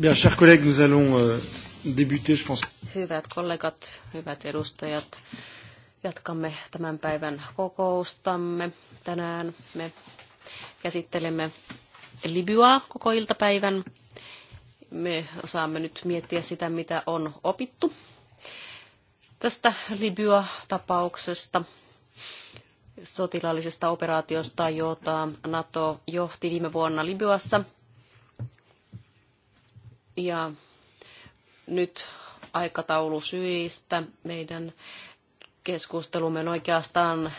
Bien, chers collègues, nous allons euh, débuter, je pense. Hyvät kollegat, hyvät edustajat, jatkamme tämän päivän kokoustamme. Tänään me käsittelemme Libyaa koko iltapäivän. Me saamme nyt miettiä sitä, mitä on opittu tästä Libya-tapauksesta sotilaallisesta operaatiosta, jota NATO johti viime vuonna Libyassa – ja nyt aikataulusyistä meidän keskustelumme on oikeastaan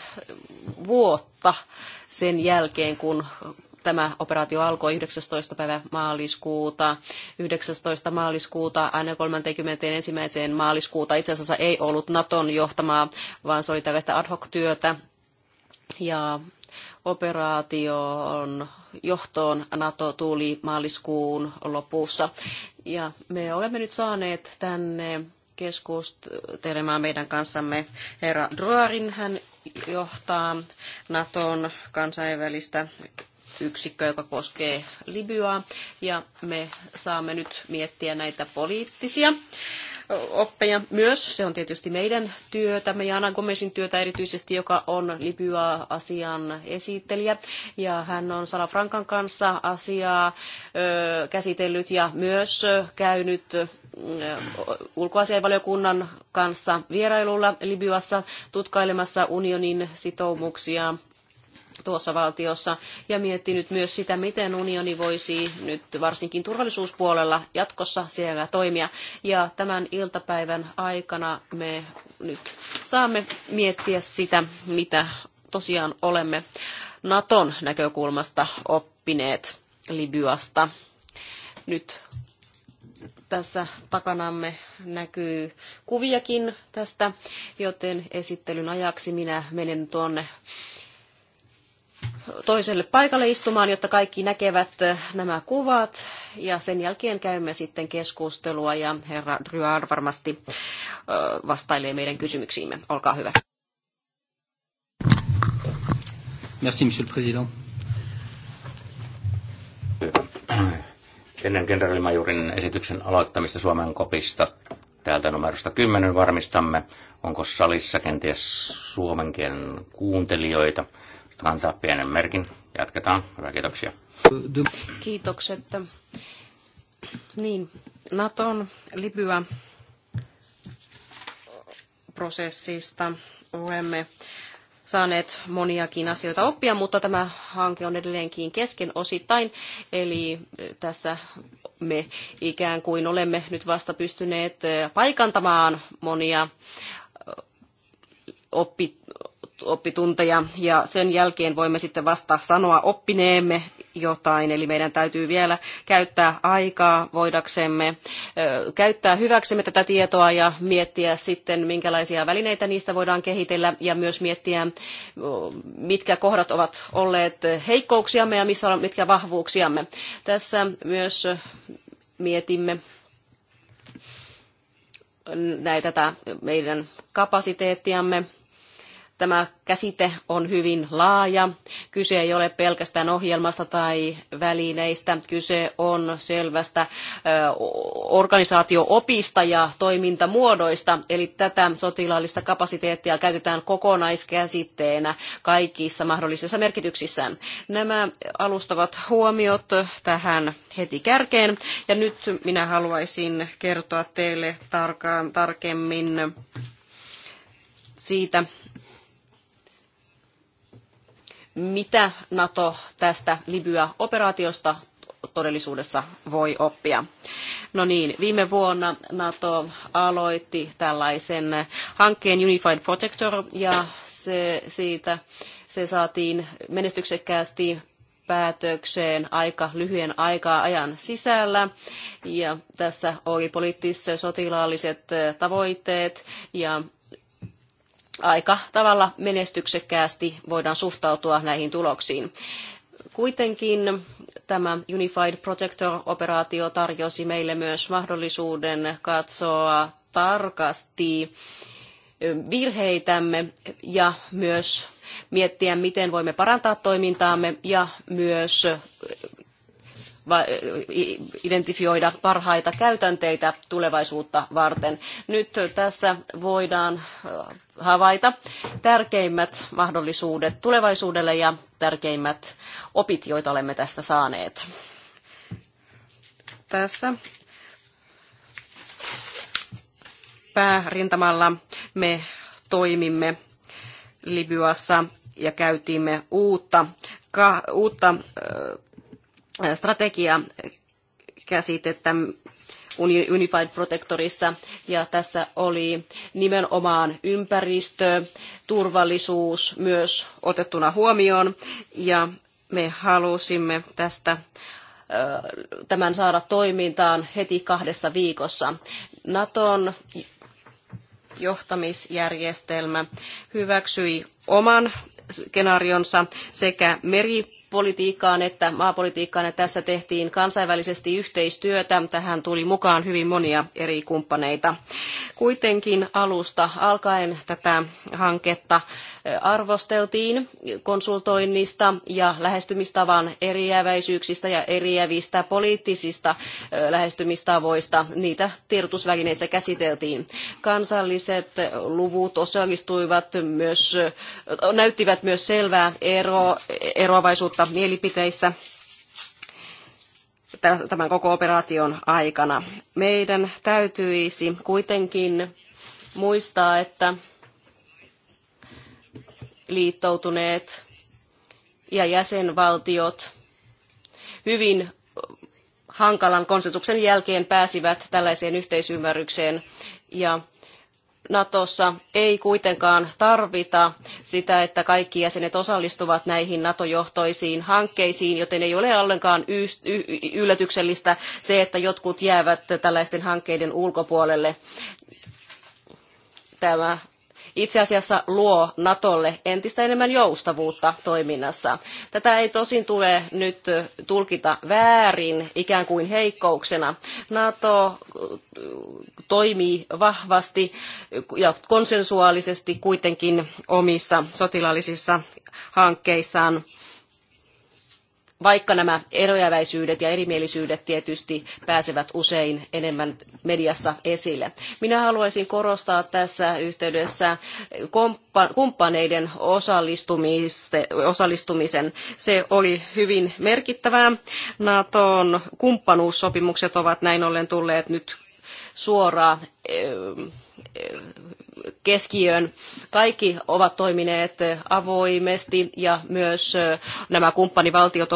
vuotta sen jälkeen, kun tämä operaatio alkoi 19. päivä maaliskuuta. 19. maaliskuuta aina 31. maaliskuuta itse asiassa ei ollut Naton johtamaa, vaan se oli tällaista ad hoc työtä. Ja operaation johtoon NATO tuli maaliskuun lopussa. Ja me olemme nyt saaneet tänne keskustelemaan meidän kanssamme herra Droarin. Hän johtaa Naton kansainvälistä yksikköä joka koskee Libyaa. Ja me saamme nyt miettiä näitä poliittisia oppeja myös. Se on tietysti meidän työtämme ja Jana Gomesin työtä erityisesti, joka on Libya-asian esittelijä. Ja hän on Salafrankan kanssa asiaa käsitellyt ja myös käynyt ulkoasiainvaliokunnan kanssa vierailulla Libyassa tutkailemassa unionin sitoumuksia tuossa valtiossa ja miettinyt myös sitä, miten unioni voisi nyt varsinkin turvallisuuspuolella jatkossa siellä toimia. Ja tämän iltapäivän aikana me nyt saamme miettiä sitä, mitä tosiaan olemme Naton näkökulmasta oppineet Libyasta. Nyt tässä takanamme näkyy kuviakin tästä, joten esittelyn ajaksi minä menen tuonne toiselle paikalle istumaan, jotta kaikki näkevät eh, nämä kuvat. Ja sen jälkeen käymme sitten keskustelua ja herra Dryar varmasti eh, vastailee meidän kysymyksiimme. Olkaa hyvä. Merci, monsieur le président. Ennen kenraalimajurin esityksen aloittamista Suomen kopista täältä numerosta 10 varmistamme, onko salissa kenties suomen kielen kuuntelijoita antaa pienen merkin. Jatketaan. Hyvä, kiitoksia. Kiitokset. Niin, Naton Libya prosessista olemme saaneet moniakin asioita oppia, mutta tämä hanke on edelleenkin kesken osittain. Eli eh, tässä me ikään kuin olemme nyt vasta pystyneet eh, paikantamaan monia eh, oppi, oppitunteja ja sen jälkeen voimme sitten vasta sanoa oppineemme jotain. Eli meidän täytyy vielä käyttää aikaa voidaksemme käyttää hyväksemme tätä tietoa ja miettiä sitten, minkälaisia välineitä niistä voidaan kehitellä ja myös miettiä, mitkä kohdat ovat olleet heikkouksiamme ja missä on, mitkä vahvuuksiamme. Tässä myös mietimme näitä meidän kapasiteettiamme Tämä käsite on hyvin laaja. Kyse ei ole pelkästään ohjelmasta tai välineistä. Kyse on selvästä organisaatioopista ja toimintamuodoista. Eli tätä sotilaallista kapasiteettia käytetään kokonaiskäsitteenä kaikissa mahdollisissa merkityksissä. Nämä alustavat huomiot tähän heti kärkeen. Ja nyt minä haluaisin kertoa teille tarkemmin siitä, mitä NATO tästä Libya-operaatiosta todellisuudessa voi oppia. No niin, viime vuonna NATO aloitti tällaisen hankkeen Unified Protector ja se, siitä se saatiin menestyksekkäästi päätökseen aika lyhyen aikaa ajan sisällä. Ja tässä oli poliittiset sotilaalliset tavoitteet ja aika tavalla menestyksekkäästi voidaan suhtautua näihin tuloksiin. Kuitenkin tämä Unified Protector-operaatio tarjosi meille myös mahdollisuuden katsoa tarkasti virheitämme ja myös miettiä, miten voimme parantaa toimintaamme ja myös identifioida parhaita käytänteitä tulevaisuutta varten. Nyt tässä voidaan havaita tärkeimmät mahdollisuudet tulevaisuudelle ja tärkeimmät opit, joita olemme tästä saaneet. Tässä päärintamalla me toimimme Libyassa ja käytimme uutta, ka, uutta strategiakäsitettä Unified Protectorissa ja tässä oli nimenomaan ympäristö, turvallisuus myös otettuna huomioon ja me halusimme tästä tämän saada toimintaan heti kahdessa viikossa. Naton johtamisjärjestelmä hyväksyi oman skenaarionsa sekä meri Politiikkaan, että maapolitiikkaan. Ja tässä tehtiin kansainvälisesti yhteistyötä. Tähän tuli mukaan hyvin monia eri kumppaneita. Kuitenkin alusta alkaen tätä hanketta eh, arvosteltiin konsultoinnista ja lähestymistavan eriäväisyyksistä ja eriävistä poliittisista eh, lähestymistavoista. Niitä tiedotusvälineissä käsiteltiin. Kansalliset eh, luvut osallistuivat myös, näyttivät myös selvää ero, eroavaisuutta muutosta mielipiteissä tämän koko operaation aikana. Meidän täytyisi kuitenkin muistaa, että liittoutuneet ja jäsenvaltiot hyvin hankalan konsensuksen jälkeen pääsivät tällaiseen yhteisymmärrykseen ja Natossa ei kuitenkaan tarvita sitä, että kaikki jäsenet osallistuvat näihin NATO-johtoisiin hankkeisiin, joten ei ole ollenkaan yllätyksellistä se, että jotkut jäävät tällaisten hankkeiden ulkopuolelle. Tämä itse asiassa luo Natolle entistä enemmän joustavuutta toiminnassa. Tätä ei tosin tule nyt tulkita väärin ikään kuin heikkouksena. NATO eh, toimii vahvasti ja konsensuaalisesti kuitenkin omissa sotilaallisissa hankkeissaan vaikka nämä eroavaisuudet ja erimielisyydet tietysti pääsevät usein enemmän mediassa esille. Minä haluaisin korostaa tässä yhteydessä kumppaneiden osallistumisen. Se oli hyvin merkittävää. Naton kumppanuussopimukset ovat näin ollen tulleet nyt suoraan eh, keskiöön. Kaikki ovat toimineet avoimesti ja myös nämä kumppanivaltiot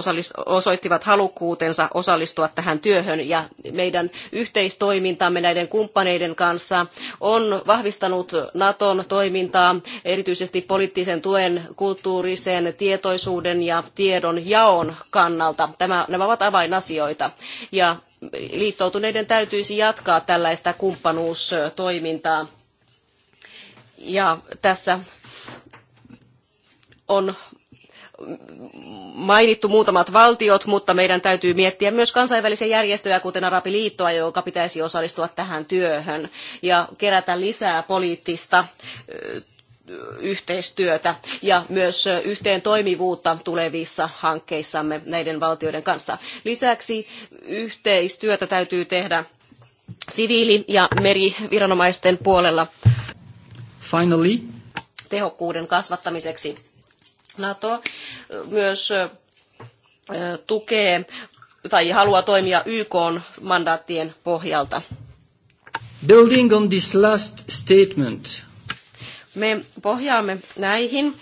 osoittivat halukkuutensa osallistua tähän työhön ja meidän yhteistoimintamme näiden kumppaneiden kanssa on vahvistanut Naton toimintaa erityisesti poliittisen tuen, kulttuurisen tietoisuuden ja tiedon jaon kannalta. Tämä, nämä ovat avainasioita ja liittoutuneiden täytyisi jatkaa tällaista kumppanuustoimintaa ja tässä on mainittu muutamat valtiot, mutta meidän täytyy miettiä myös kansainvälisiä järjestöjä, kuten Arabiliittoa, joka pitäisi osallistua tähän työhön ja kerätä lisää poliittista yhteistyötä ja myös yhteen toimivuutta tulevissa hankkeissamme näiden valtioiden kanssa. Lisäksi yhteistyötä täytyy tehdä siviili- ja meriviranomaisten puolella Finally, tehokkuuden kasvattamiseksi. NATO myös tukee tai haluaa toimia YK mandaattien pohjalta. Building on this last statement. Me pohjaamme näihin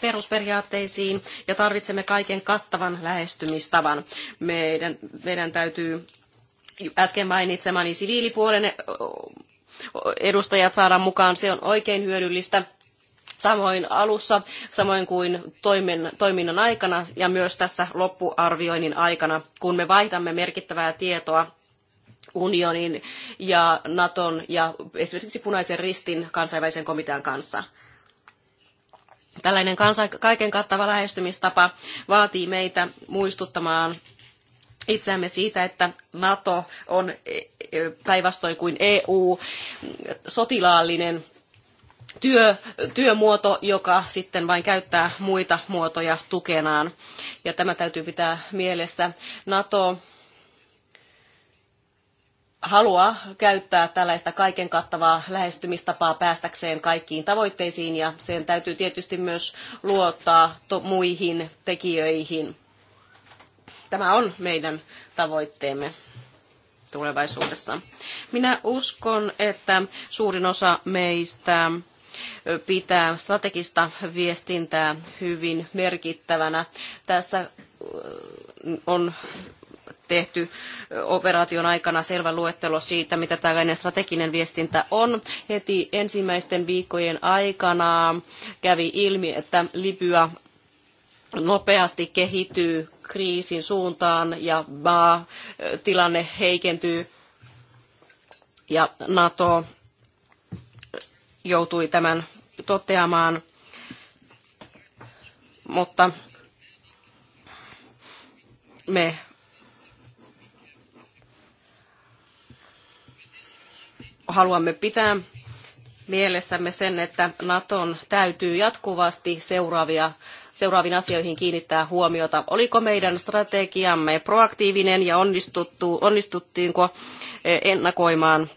perusperiaatteisiin ja tarvitsemme kaiken kattavan lähestymistavan. Meidän, meidän täytyy äsken mainitsemani siviilipuolen edustajat saada mukaan. Se on oikein hyödyllistä samoin alussa, samoin kuin toimen toiminnan aikana ja myös tässä loppuarvioinnin aikana, kun me vaihdamme merkittävää tietoa unionin ja Naton ja esimerkiksi punaisen ristin kansainvälisen komitean kanssa. Tällainen kansa, kaiken kattava lähestymistapa vaatii meitä muistuttamaan itseämme siitä, että NATO on e, e, päinvastoin kuin EU sotilaallinen työ, työmuoto, joka sitten vain käyttää muita muotoja tukenaan. Ja tämä täytyy pitää mielessä. NATO haluaa käyttää tällaista kaiken kattavaa lähestymistapaa päästäkseen kaikkiin tavoitteisiin ja sen täytyy tietysti myös luottaa muihin tekijöihin Tämä on meidän tavoitteemme tulevaisuudessa. Minä uskon, että suurin osa meistä pitää strategista viestintää hyvin merkittävänä. Tässä äh, on tehty operaation aikana selvä luettelo siitä, mitä tällainen strateginen viestintä on. Heti ensimmäisten viikkojen aikana kävi ilmi, että Libya nopeasti kehittyy kriisin suuntaan ja maa, tilanne heikentyy ja NATO joutui tämän toteamaan, mutta me haluamme pitää mielessämme sen, että Naton täytyy jatkuvasti seuraavia seuraaviin asioihin kiinnittää huomiota. Oliko meidän strategiamme proaktiivinen ja onnistuttu, onnistuttiinko eh, ennakoimaan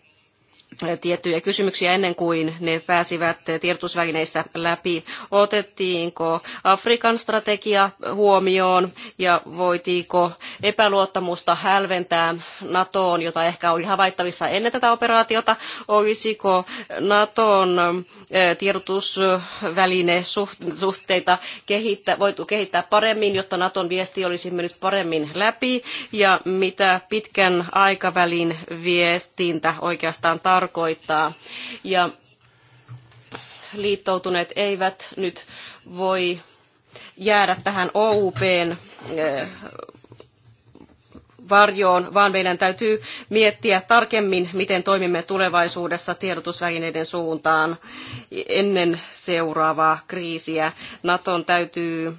eh, tiettyjä kysymyksiä ennen kuin ne pääsivät eh, tiedotusvälineissä läpi. Otettiinko Afrikan strategia huomioon ja voitiinko epäluottamusta hälventää NATOon, jota ehkä oli havaittavissa ennen tätä operaatiota. Olisiko NATOn tiedotusväline suhteita kehittää, voitu kehittää paremmin, jotta NATOn viesti olisi mennyt paremmin läpi ja mitä pitkän aikavälin viestintä oikeastaan tarkoittaa. Ja liittoutuneet eivät nyt voi jäädä tähän OUPn varjoon, vaan meidän täytyy miettiä tarkemmin, miten toimimme tulevaisuudessa tiedotusvälineiden suuntaan ennen seuraavaa kriisiä. Naton täytyy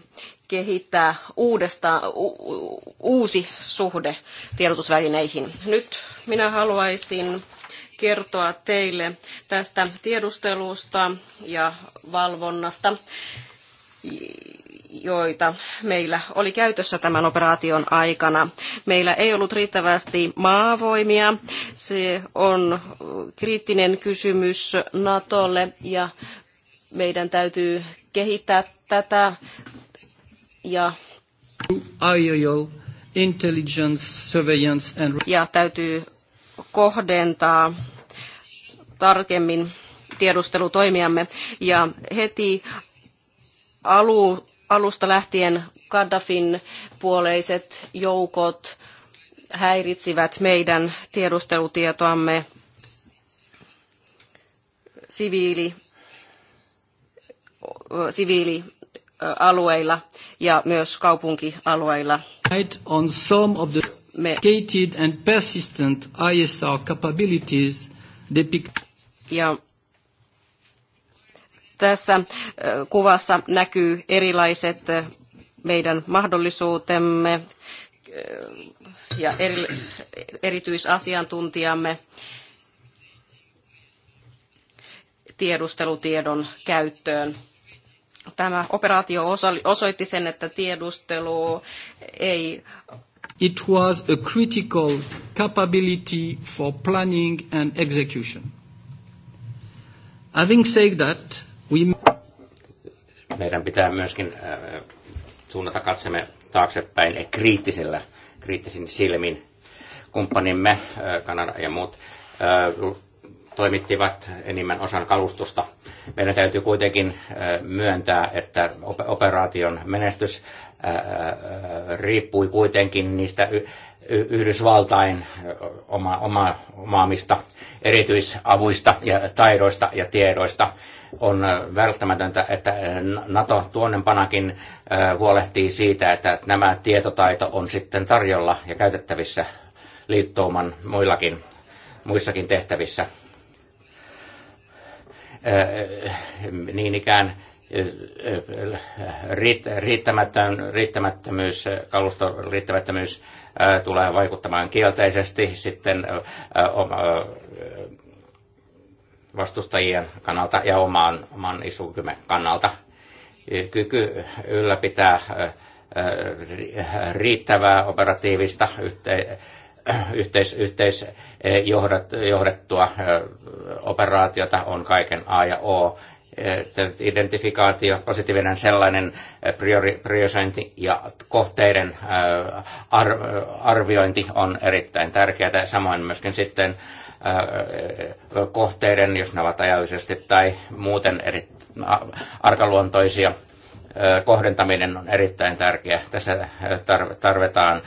kehittää uudesta, uusi suhde tiedotusvälineihin. Nyt minä haluaisin kertoa teille tästä tiedustelusta ja valvonnasta joita meillä oli käytössä tämän operaation aikana. Meillä ei ollut riittävästi maavoimia. Se on kriittinen kysymys Natolle ja meidän täytyy kehittää tätä ja intelligence, surveillance and... ja täytyy kohdentaa tarkemmin tiedustelutoimiamme ja heti alu, alusta lähtien Gaddafin puoleiset joukot häiritsivät meidän tiedustelutietoamme siviili, siviilialueilla ja myös kaupunkialueilla. On some of the and persistent ISR capabilities depict. Ja tässä kuvassa näkyy erilaiset meidän mahdollisuutemme ja eri, erityisasiantuntijamme tiedustelutiedon käyttöön. Tämä operaatio osoitti sen, että tiedustelu ei It was a critical capability for planning and execution. Having said that, meidän pitää myöskin äh, suunnata katsemme taaksepäin kriittisellä, kriittisin silmin. Kumppanimme, äh, Kanada ja muut, äh, toimittivat enimmän osan kalustusta. Meidän täytyy kuitenkin myöntää, että operaation menestys riippui kuitenkin niistä Yhdysvaltain oma, oma, omaamista erityisavuista ja taidoista ja tiedoista. On välttämätöntä, että NATO tuonnempanakin huolehtii siitä, että nämä tietotaito on sitten tarjolla ja käytettävissä liittouman muillakin, muissakin tehtävissä. Niin ikään riittämättömyys, kaluston riittämättömyys tulee vaikuttamaan kielteisesti sitten vastustajien kannalta ja oman, oman isukymen kannalta. Kyky ylläpitää riittävää operatiivista yhte, yhteis, yhteisjohdettua operaatiota on kaiken A ja O identifikaatio, positiivinen sellainen priori, priorisointi ja kohteiden arviointi on erittäin tärkeää. Samoin myöskin sitten kohteiden, jos ne ovat ajallisesti tai muuten eri, arkaluontoisia, kohdentaminen on erittäin tärkeä. Tässä tarvitaan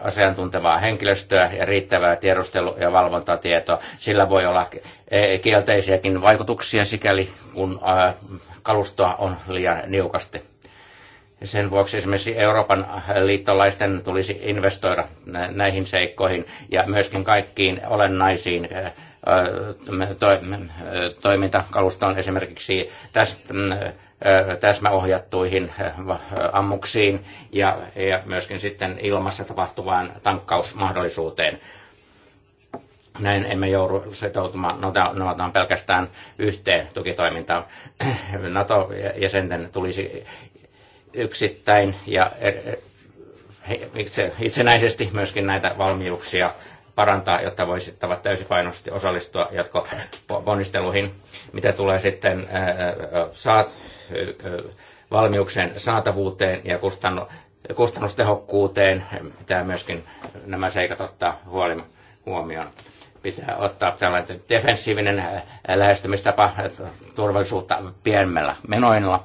asiantuntevaa henkilöstöä ja riittävää tiedustelu- ja valvontatietoa. Sillä voi olla e, kielteisiäkin vaikutuksia, sikäli kun kalustoa on liian niukasti. Sen vuoksi esimerkiksi Euroopan liittolaisten tulisi investoida näihin seikkoihin ja myöskin kaikkiin olennaisiin toimintakalustoon esimerkiksi tästä täsmäohjattuihin ammuksiin ja, ja myöskin sitten ilmassa tapahtuvaan tankkausmahdollisuuteen. Näin emme joudu sitoutumaan, notaan pelkästään yhteen tukitoimintaan. NATO-jäsenten tulisi yksittäin ja er, er, itse, itsenäisesti myöskin näitä valmiuksia parantaa, jotta voisi täysipainoisesti osallistua jatkoponnisteluihin. Mitä tulee sitten saat, valmiuksen saatavuuteen ja kustannustehokkuuteen, pitää myöskin nämä seikat ottaa huomioon. Pitää ottaa tällainen defensiivinen lähestymistapa turvallisuutta pienemmällä menoilla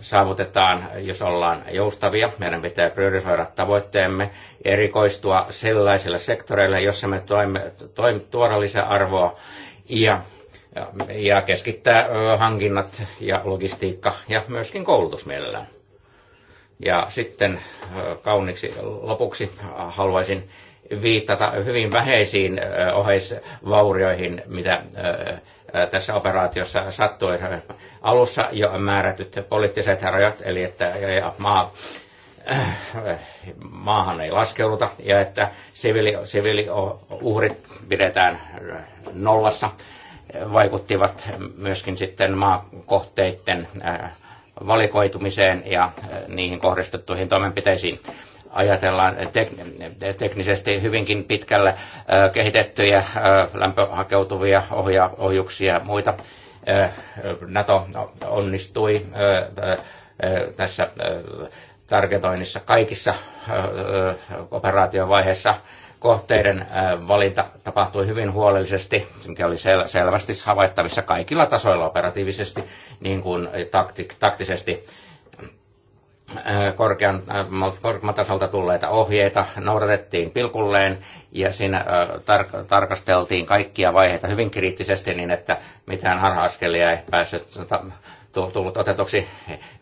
saavutetaan, jos ollaan joustavia. Meidän pitää priorisoida tavoitteemme, erikoistua sellaisille sektoreille, jossa me toimme, toimme tuoda lisäarvoa ja, ja keskittää hankinnat ja logistiikka ja myöskin koulutus mielellään. Ja sitten kauniksi lopuksi haluaisin viitata hyvin vähäisiin oheisvaurioihin, mitä tässä operaatiossa sattui alussa jo määrätyt poliittiset rajat, eli että maa, äh, maahan ei laskeuduta ja että siviili, siviiliuhrit pidetään nollassa vaikuttivat myöskin sitten maakohteiden valikoitumiseen ja niihin kohdistettuihin toimenpiteisiin ajatellaan tek- teknisesti hyvinkin pitkälle kehitettyjä lämpöhakeutuvia ohja- ohjuksia ja muita. NATO onnistui tässä targetoinnissa kaikissa operaatiovaiheissa kohteiden valinta tapahtui hyvin huolellisesti, mikä oli sel- selvästi havaittavissa kaikilla tasoilla operatiivisesti niin kuin takti- taktisesti Äh, korkean äh, tulleita ohjeita noudatettiin pilkulleen ja siinä äh, tar- tarkasteltiin kaikkia vaiheita hyvin kriittisesti niin, että mitään harha ei päässyt tullut otetuksi.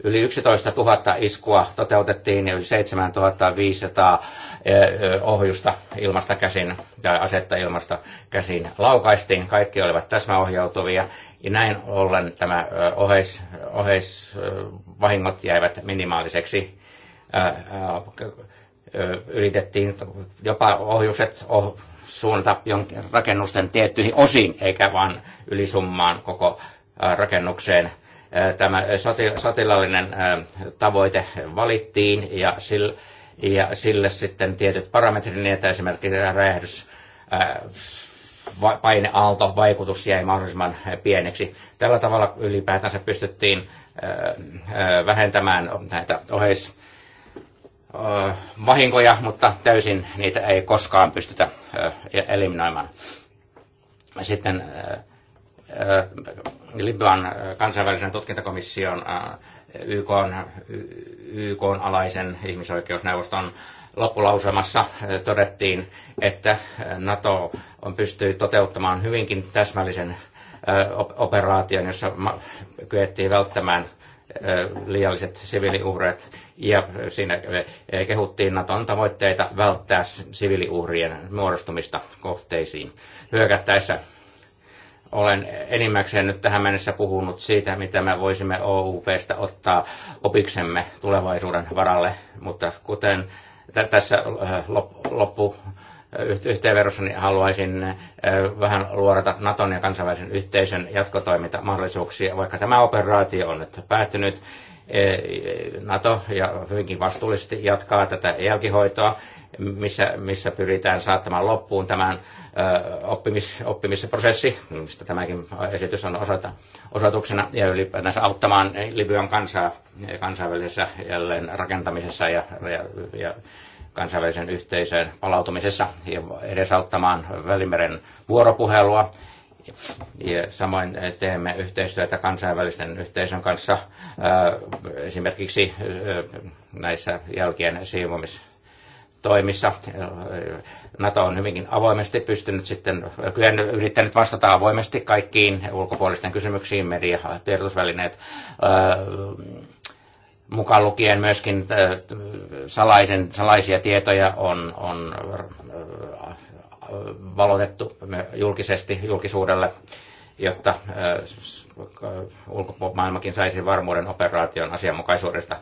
Yli 11 000 iskua toteutettiin ja yli 7 500 ohjusta ilmasta käsin tai asetta ilmasta käsin laukaistiin. Kaikki olivat täsmäohjautuvia ja näin ollen tämä oheis, oheisvahingot jäivät minimaaliseksi. Yritettiin jopa ohjukset oh, suunnata rakennusten tiettyihin osiin, eikä vain ylisummaan koko rakennukseen. Tämä sotilaallinen tavoite valittiin ja sille, ja sille sitten tietyt parametrit, niin että esimerkiksi räjähdys paineaalto, vaikutus jäi mahdollisimman eh, pieneksi. Tällä tavalla ylipäätänsä pystyttiin eh, eh, vähentämään näitä oheis vahinkoja, mutta täysin niitä ei koskaan pystytä e-, eliminoimaan. Sitten Libyan kansainvälisen tutkintakomission YK, YK alaisen ihmisoikeusneuvoston loppulausemassa eh, todettiin, että eh, NATO on pystyy toteuttamaan hyvinkin täsmällisen eh, operaation, jossa kyettiin välttämään liialliset siviiliuhreet ja siinä kehuttiin Naton tavoitteita välttää siviiliuhrien muodostumista kohteisiin hyökättäessä. Olen enimmäkseen nyt tähän mennessä puhunut siitä, mitä me voisimme OUPstä ottaa opiksemme tulevaisuuden varalle, mutta kuten tässä äh, loppu äh, yhteenvedossa niin haluaisin äh, vähän luorata Naton ja kansainvälisen yhteisön jatkotoimintamahdollisuuksia, vaikka tämä operaatio on nyt päättynyt E, NATO ja hyvinkin vastuullisesti jatkaa tätä jälkihoitoa, missä, missä pyritään saattamaan loppuun tämän oppimis, oppimisprosessi, mistä tämäkin esitys on osoita, osoituksena, ja ylipäätänsä auttamaan Libyan kansaa kansainvälisessä jälleen rakentamisessa ja, ja, ja kansainvälisen yhteisön palautumisessa ja edesauttamaan Välimeren vuoropuhelua ja samoin eh, teemme yhteistyötä kansainvälisten yhteisön kanssa eh, esimerkiksi eh, näissä jälkien siivomisissa toimissa. NATO on hyvinkin avoimesti pystynyt sitten, kyennyt, yrittänyt vastata avoimesti kaikkiin ulkopuolisten kysymyksiin, media, tiedotusvälineet, mukaan lukien myöskin salaisen, salaisia tietoja on, on valotettu julkisesti julkisuudelle, jotta äh, ulkomaailmakin saisi varmuuden operaation asianmukaisuudesta.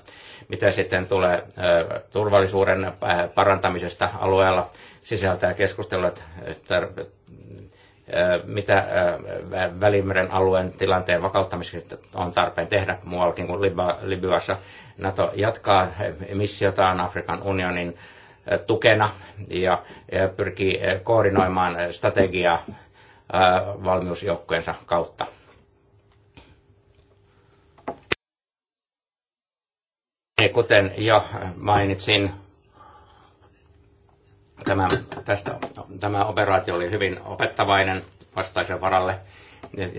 Mitä sitten tulee äh, turvallisuuden äh, parantamisesta alueella, sisältää keskustelut, että mitä Välimeren alueen tilanteen vakauttamiseksi on tarpeen tehdä muuallakin kuin Libyassa. NATO jatkaa missiotaan Afrikan unionin tukena ja pyrkii eh, koordinoimaan strategiaa eh, valmiusjoukkojensa kautta. Kuten jo mainitsin, tämä, tästä, tämä operaatio oli hyvin opettavainen vastaisen varalle,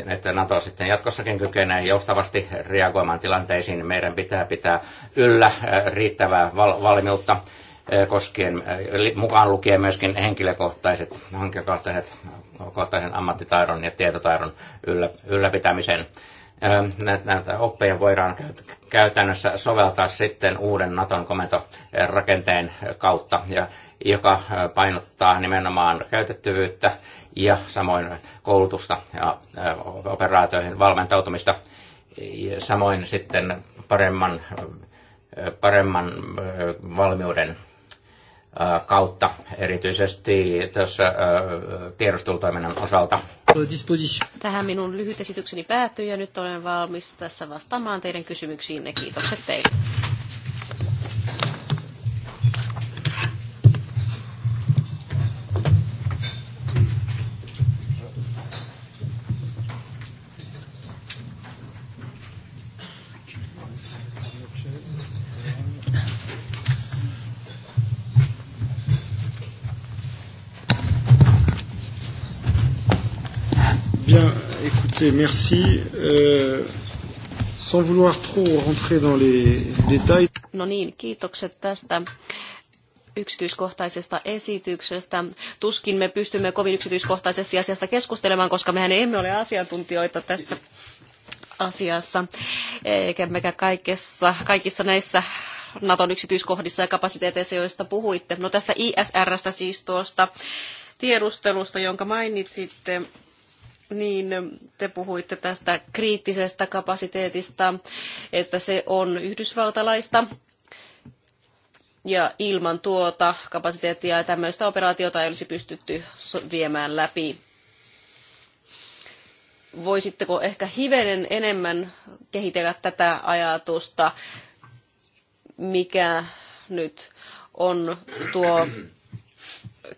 että NATO sitten jatkossakin kykenee joustavasti reagoimaan tilanteisiin. Meidän pitää pitää yllä eh, riittävää val- valmiutta koskien, mukaan lukien myöskin henkilökohtaiset, henkilökohtaiset kohtaisen ammattitaidon ja tietotaidon yllä, ylläpitämisen. Näitä oppeja voidaan käytännössä soveltaa sitten uuden Naton komentorakenteen kautta, ja, joka painottaa nimenomaan käytettävyyttä ja samoin koulutusta ja operaatioihin valmentautumista. Ja samoin sitten paremman paremman valmiuden kautta, erityisesti tässä tiedustelutoiminnan osalta. Tähän minun lyhyt esitykseni päättyy ja nyt olen valmis tässä vastaamaan teidän kysymyksiinne. Kiitokset teille. Écoutez, merci. Euh, sans vouloir trop rentrer dans les détails. No niin, kiitokset tästä yksityiskohtaisesta esityksestä. Tuskin me pystymme kovin yksityiskohtaisesti asiasta keskustelemaan, koska mehän emme ole asiantuntijoita tässä asiassa, eikä mekä kaikessa, kaikissa näissä Naton yksityiskohdissa ja kapasiteeteissa, joista puhuitte. No tästä ISRstä siis tuosta tiedustelusta, jonka mainitsitte, niin, te puhuitte tästä kriittisestä kapasiteetista, että se on yhdysvaltalaista. Ja ilman tuota kapasiteettia ja tämmöistä operaatiota ei olisi pystytty viemään läpi. Voisitteko ehkä hivenen enemmän kehitellä tätä ajatusta, mikä nyt on tuo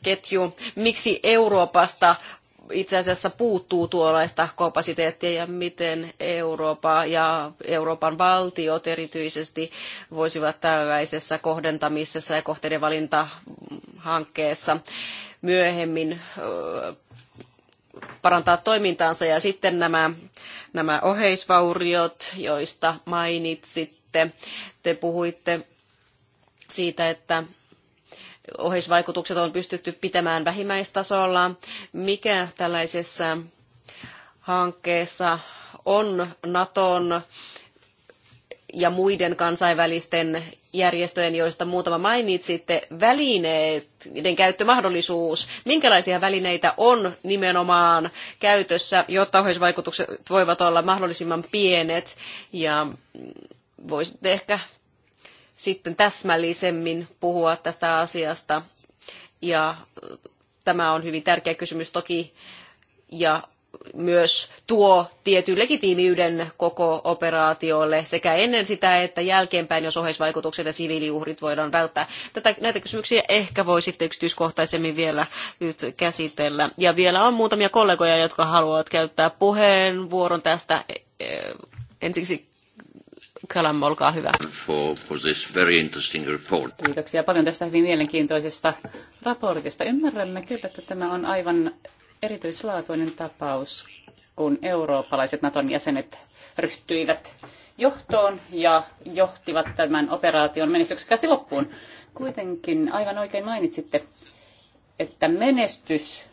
ketju, miksi Euroopasta itse asiassa puuttuu tuollaista kapasiteettia ja miten Eurooppa ja Euroopan valtiot erityisesti voisivat tällaisessa kohdentamisessa ja kohteiden valintahankkeessa myöhemmin parantaa toimintaansa. Ja sitten nämä, nämä oheisvauriot, joista mainitsitte, te puhuitte siitä, että oheisvaikutukset on pystytty pitämään vähimmäistasolla. Mikä tällaisessa hankkeessa on Naton ja muiden kansainvälisten järjestöjen, joista muutama mainitsitte, välineiden käyttömahdollisuus. Minkälaisia välineitä on nimenomaan käytössä, jotta ohjausvaikutukset voivat olla mahdollisimman pienet ja voisitte ehkä sitten täsmällisemmin puhua tästä asiasta. Ja äh, tämä on hyvin tärkeä kysymys toki ja myös tuo tietyn legitiimiyden koko operaatiolle sekä ennen sitä että jälkeenpäin, jos oheisvaikutukset ja siviiliuhrit voidaan välttää. Tätä, näitä kysymyksiä ehkä voi sitten yksityiskohtaisemmin vielä nyt käsitellä. Ja vielä on muutamia kollegoja, jotka haluavat käyttää puheenvuoron tästä. Eh, eh, ensiksi Kelam, olkaa hyvä. For, for this very interesting report. Kiitoksia paljon tästä hyvin mielenkiintoisesta raportista. Ymmärrämme kyllä, että tämä on aivan erityislaatuinen tapaus, kun eurooppalaiset Naton jäsenet ryhtyivät johtoon ja johtivat tämän operaation menestyksekkäästi loppuun. Kuitenkin aivan oikein mainitsitte, että menestys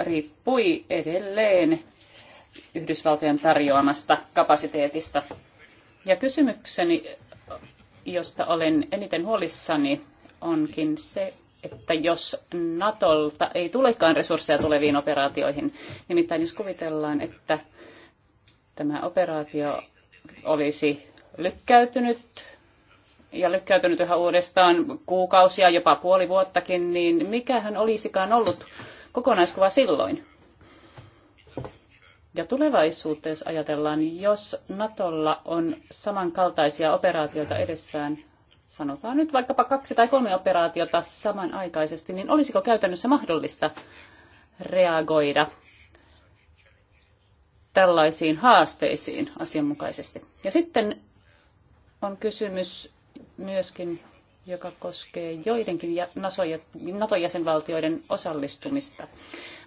riippui edelleen Yhdysvaltojen tarjoamasta kapasiteetista ja kysymykseni, josta olen eniten huolissani, onkin se, että jos Natolta ei tulekaan resursseja tuleviin operaatioihin, nimittäin jos kuvitellaan, että tämä operaatio olisi lykkäytynyt ja lykkäytynyt yhä uudestaan kuukausia, jopa puoli vuottakin, niin mikähän olisikaan ollut kokonaiskuva silloin? Ja tulevaisuutta, jos ajatellaan, jos Natolla on samankaltaisia operaatioita edessään, sanotaan nyt vaikkapa kaksi tai kolme operaatiota samanaikaisesti, niin olisiko käytännössä mahdollista reagoida tällaisiin haasteisiin asianmukaisesti? Ja sitten on kysymys myöskin joka koskee joidenkin NATO-jäsenvaltioiden osallistumista.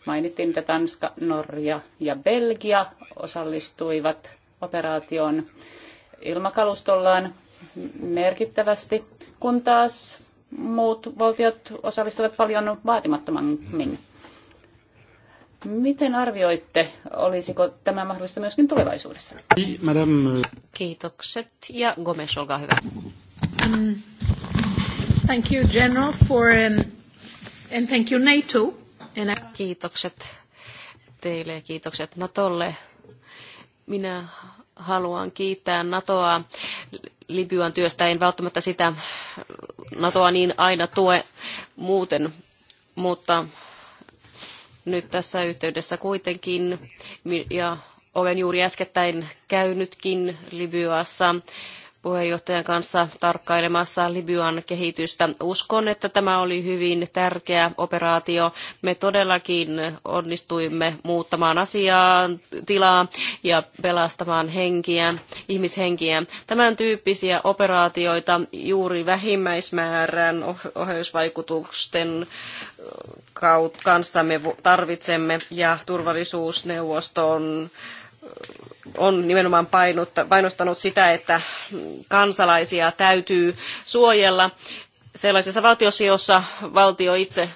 Mainittiin, että Tanska, Norja ja Belgia osallistuivat operaatioon ilmakalustollaan merkittävästi, kun taas muut valtiot osallistuvat paljon vaatimattomammin. Miten arvioitte, olisiko tämä mahdollista myöskin tulevaisuudessa? Kiitokset ja Gomes, olkaa hyvä. Mm. Thank you, General, for, um, and thank you NATO. And I... Kiitokset teille ja kiitokset Natolle. Minä haluan kiittää NATOa Libyan työstä. En välttämättä sitä NATOa niin aina tue muuten, mutta nyt tässä yhteydessä kuitenkin, ja olen juuri äskettäin käynytkin Libyassa, puheenjohtajan kanssa tarkkailemassa Libyan kehitystä. Uskon, että tämä oli hyvin tärkeä operaatio. Me todellakin onnistuimme muuttamaan asiaa, tilaa ja pelastamaan henkiä, ihmishenkiä. Tämän tyyppisiä operaatioita juuri vähimmäismäärän oheusvaikutusten äh, kanssa me tarvitsemme ja turvallisuusneuvoston on nimenomaan painostanut sitä, että kansalaisia täytyy suojella sellaisessa valtiossa, jossa valtio itse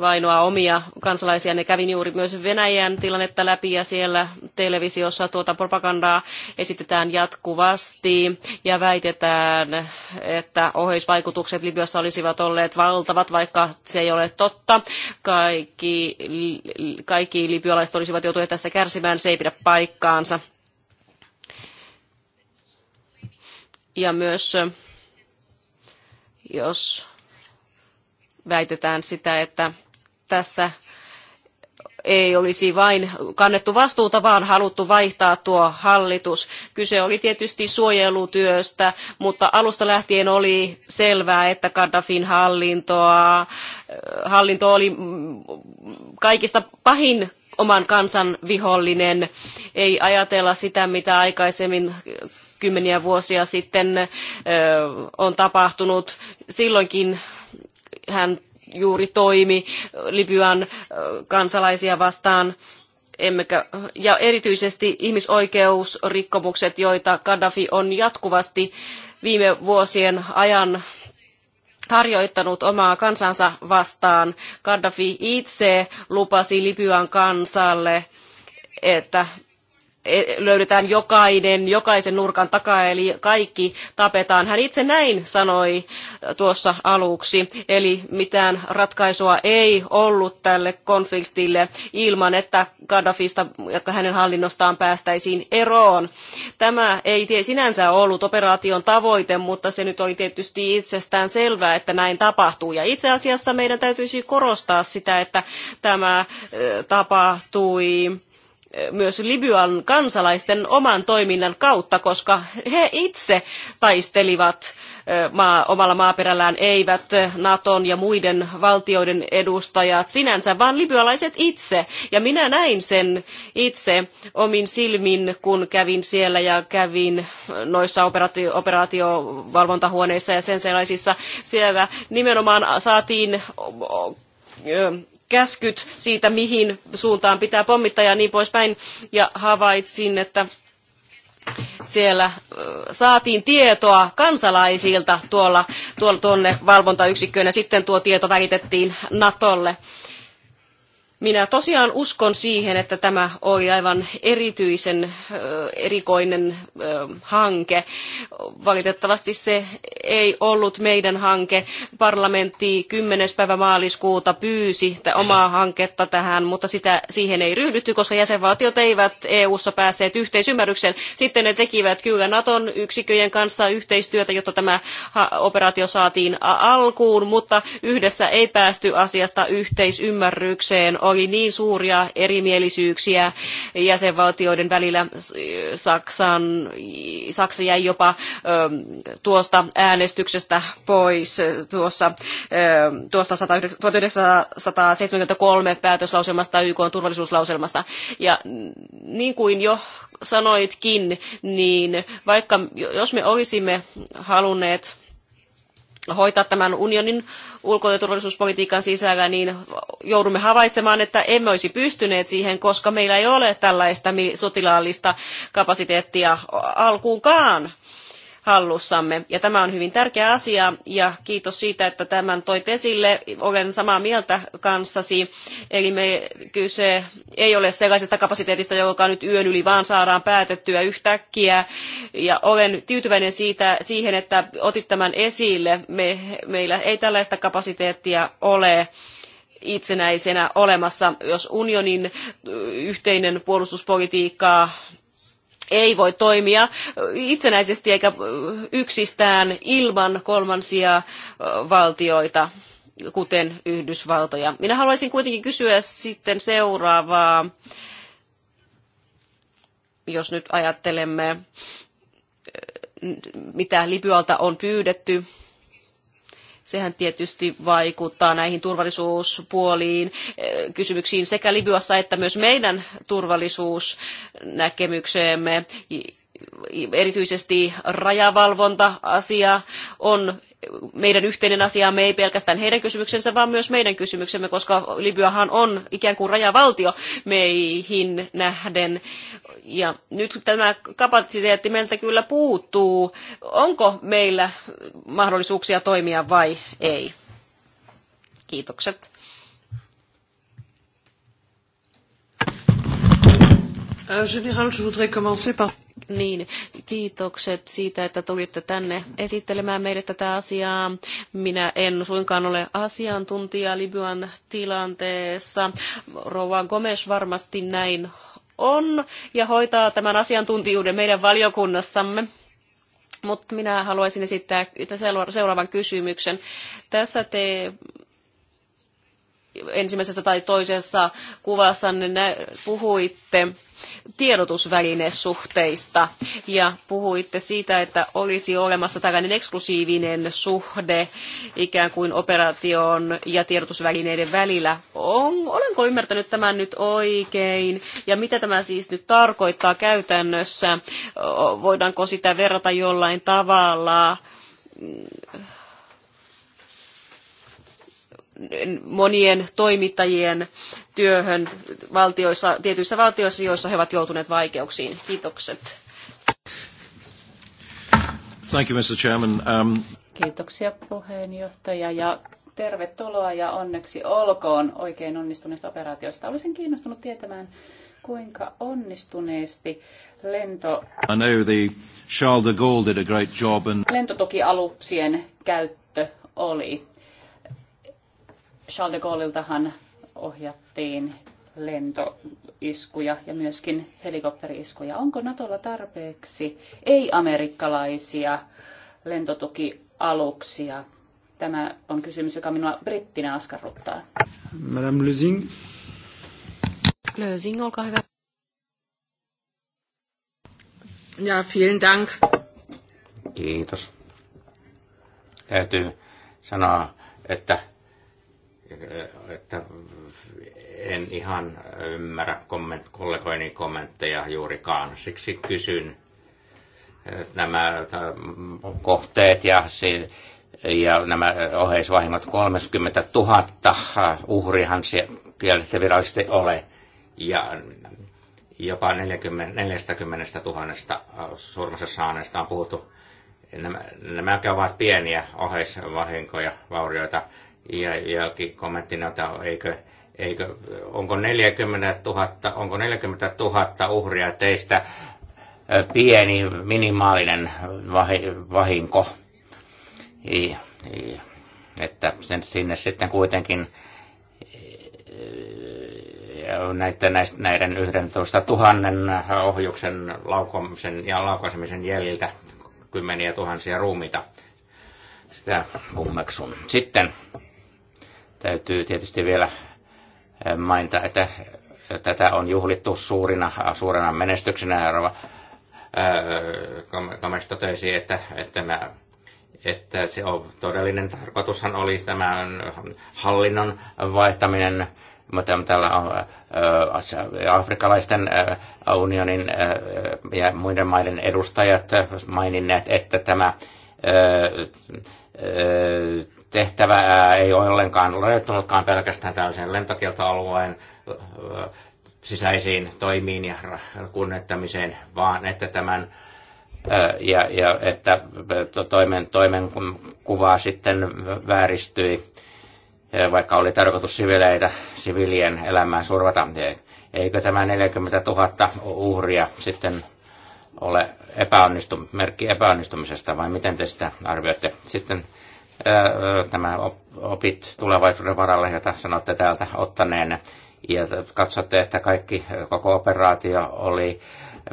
vainoa omia kansalaisia. Ne kävin juuri myös Venäjän tilannetta läpi ja siellä televisiossa tuota propagandaa esitetään jatkuvasti ja väitetään, että oheisvaikutukset Libyassa olisivat olleet valtavat, vaikka se ei ole totta. Kaikki, kaikki libyalaiset olisivat joutuneet tässä kärsimään, se ei pidä paikkaansa. Ja myös jos väitetään sitä, että tässä ei olisi vain kannettu vastuuta, vaan haluttu vaihtaa tuo hallitus. Kyse oli tietysti suojelutyöstä, mutta alusta lähtien oli selvää, että Gaddafin hallintoa, äh, hallinto oli mm, kaikista pahin oman kansan vihollinen. Ei ajatella sitä, mitä aikaisemmin kymmeniä vuosia sitten äh, on tapahtunut. Silloinkin hän juuri toimi Libyan kansalaisia vastaan. Emmekä, ja erityisesti ihmisoikeusrikkomukset, joita Gaddafi on jatkuvasti viime vuosien ajan harjoittanut omaa kansansa vastaan. Gaddafi itse lupasi Libyan kansalle, että E, löydetään jokainen, jokaisen nurkan takaa, eli kaikki tapetaan. Hän itse näin sanoi tuossa aluksi, eli mitään ratkaisua ei ollut tälle konfliktille ilman, että Gaddafista ja hänen hallinnostaan päästäisiin eroon. Tämä ei sinänsä ollut operaation tavoite, mutta se nyt oli tietysti itsestään selvää, että näin tapahtuu. Ja itse asiassa meidän täytyisi korostaa sitä, että tämä e, tapahtui myös Libyan kansalaisten oman toiminnan kautta, koska he itse taistelivat maa, omalla maaperällään, eivät Naton ja muiden valtioiden edustajat sinänsä, vaan libyalaiset itse. Ja minä näin sen itse omin silmin, kun kävin siellä ja kävin noissa operaatio, operaatiovalvontahuoneissa ja sen sellaisissa. Siellä nimenomaan saatiin käskyt siitä, mihin suuntaan pitää pommittaa ja niin poispäin. Ja havaitsin, että siellä saatiin tietoa kansalaisilta tuolla, tuolla tuonne valvontayksikköön ja sitten tuo tieto välitettiin Natolle. Minä tosiaan uskon siihen, että tämä oli aivan erityisen erikoinen hanke. Valitettavasti se ei ollut meidän hanke. Parlamentti 10. päivä maaliskuuta pyysi omaa hanketta tähän, mutta sitä, siihen ei ryhdytty, koska jäsenvaltiot eivät EU-ssa päässeet yhteisymmärrykseen. Sitten ne tekivät kyllä Naton yksiköjen kanssa yhteistyötä, jotta tämä operaatio saatiin alkuun, mutta yhdessä ei päästy asiasta yhteisymmärrykseen oli niin suuria erimielisyyksiä jäsenvaltioiden välillä. Saksan, Saksa jäi jopa ähm, tuosta äänestyksestä pois äh, tuossa, ähm, tuosta 1973 päätöslauselmasta YK turvallisuuslauselmasta. Ja niin kuin jo sanoitkin, niin vaikka jos me olisimme halunneet hoitaa tämän unionin ulko- ja turvallisuuspolitiikan sisällä, niin joudumme havaitsemaan, että emme olisi pystyneet siihen, koska meillä ei ole tällaista sotilaallista kapasiteettia alkuunkaan hallussamme. Ja tämä on hyvin tärkeä asia ja kiitos siitä, että tämän toit esille. Olen samaa mieltä kanssasi. Eli me kyse ei ole sellaisesta kapasiteetista, joka nyt yön yli vaan saadaan päätettyä yhtäkkiä. Ja olen tyytyväinen siitä, siihen, että otit tämän esille. Me, meillä ei tällaista kapasiteettia ole itsenäisenä olemassa, jos unionin yhteinen puolustuspolitiikka ei voi toimia itsenäisesti eikä yksistään ilman kolmansia valtioita, kuten Yhdysvaltoja. Minä haluaisin kuitenkin kysyä sitten seuraavaa, jos nyt ajattelemme, mitä Libyalta on pyydetty Sehän tietysti vaikuttaa näihin turvallisuuspuoliin, eh, kysymyksiin sekä Libyassa että myös meidän turvallisuusnäkemykseemme erityisesti rajavalvonta-asia on meidän yhteinen asiamme, ei pelkästään heidän kysymyksensä, vaan myös meidän kysymyksemme, koska Libyahan on ikään kuin rajavaltio meihin nähden. Ja nyt tämä kapasiteetti meiltä kyllä puuttuu. Onko meillä mahdollisuuksia toimia vai ei? Kiitokset. Euh, Général, je voudrais commencer par... Niin, kiitokset siitä, että tulitte tänne esittelemään meille tätä asiaa. Minä en suinkaan ole asiantuntija Libyan tilanteessa. Rouva Gomes varmasti näin on ja hoitaa tämän asiantuntijuuden meidän valiokunnassamme. Mutta minä haluaisin esittää seuraavan kysymyksen. Tässä te ensimmäisessä tai toisessa kuvassa puhuitte tiedotusvälinesuhteista ja puhuitte siitä, että olisi olemassa tällainen eksklusiivinen suhde ikään kuin operaation ja tiedotusvälineiden välillä. On, olenko ymmärtänyt tämän nyt oikein ja mitä tämä siis nyt tarkoittaa käytännössä? Voidaanko sitä verrata jollain tavalla? monien toimittajien työhön valtioissa, tietyissä valtioissa, joissa he ovat joutuneet vaikeuksiin. Kiitokset. Thank you, Mr. Chairman. Um... Kiitoksia puheenjohtaja ja tervetuloa ja onneksi olkoon oikein onnistuneesta operaatiosta. Olisin kiinnostunut tietämään, kuinka onnistuneesti lento... I know the Charles de Gaulle did a great job and... lentotukialuksien käyttö oli. Charles de Gaulleiltahan ohjattiin lentoiskuja ja myöskin helikopteriiskuja. Onko Natolla tarpeeksi ei-amerikkalaisia lentotukialuksia? Tämä on kysymys, joka minua brittinä askarruttaa. Madame Lösing. Lösing, olkaa hyvä. Ja, vielen dank. Kiitos. Täytyy sanoa, että että en ihan ymmärrä komment, kollegoini kommentteja juurikaan. Siksi kysyn nämä kohteet ja, ja nämä oheisvahingot 30 000 uhrihan siellä virallisesti ole. Ja jopa 40, 40 000 surmassa saaneesta on puhuttu. Nämä, nämäkin ovat pieniä oheisvahinkoja, vaurioita ja, ja kommentti, no, että eikö, eikö, onko 40 000, onko 40 000 uhria teistä pieni minimaalinen vahinko. I, i, että sen, sinne sitten kuitenkin näiden, näiden 11 000 ohjuksen laukomisen ja laukaisemisen jäljiltä kymmeniä tuhansia ruumiita. Sitä kummeksun. Sitten Täytyy tietysti vielä mainita, että tätä on juhlittu suurina, suurena menestyksenä komesta töisi, että, että, mä, että se on, todellinen tarkoitushan olisi tämä hallinnon vaihtaminen mutta täällä on afrikkalaisten unionin ja muiden maiden edustajat maininneet, että tämä tehtävä ei ole ollenkaan rajoittunutkaan pelkästään tällaisen lentokieltoalueen sisäisiin toimiin ja kunnettamiseen, vaan että tämän ja, ja että toimen, toimen kuva sitten vääristyi, vaikka oli tarkoitus sivileitä, sivilien elämää survata. Eikö tämä 40 000 uhria sitten ole epäonnistu, merkki epäonnistumisesta vai miten te sitä arvioitte? Sitten nämä opit tulevaisuuden varalle, jota sanotte täältä ottaneen, ja katsotte, että kaikki, koko operaatio oli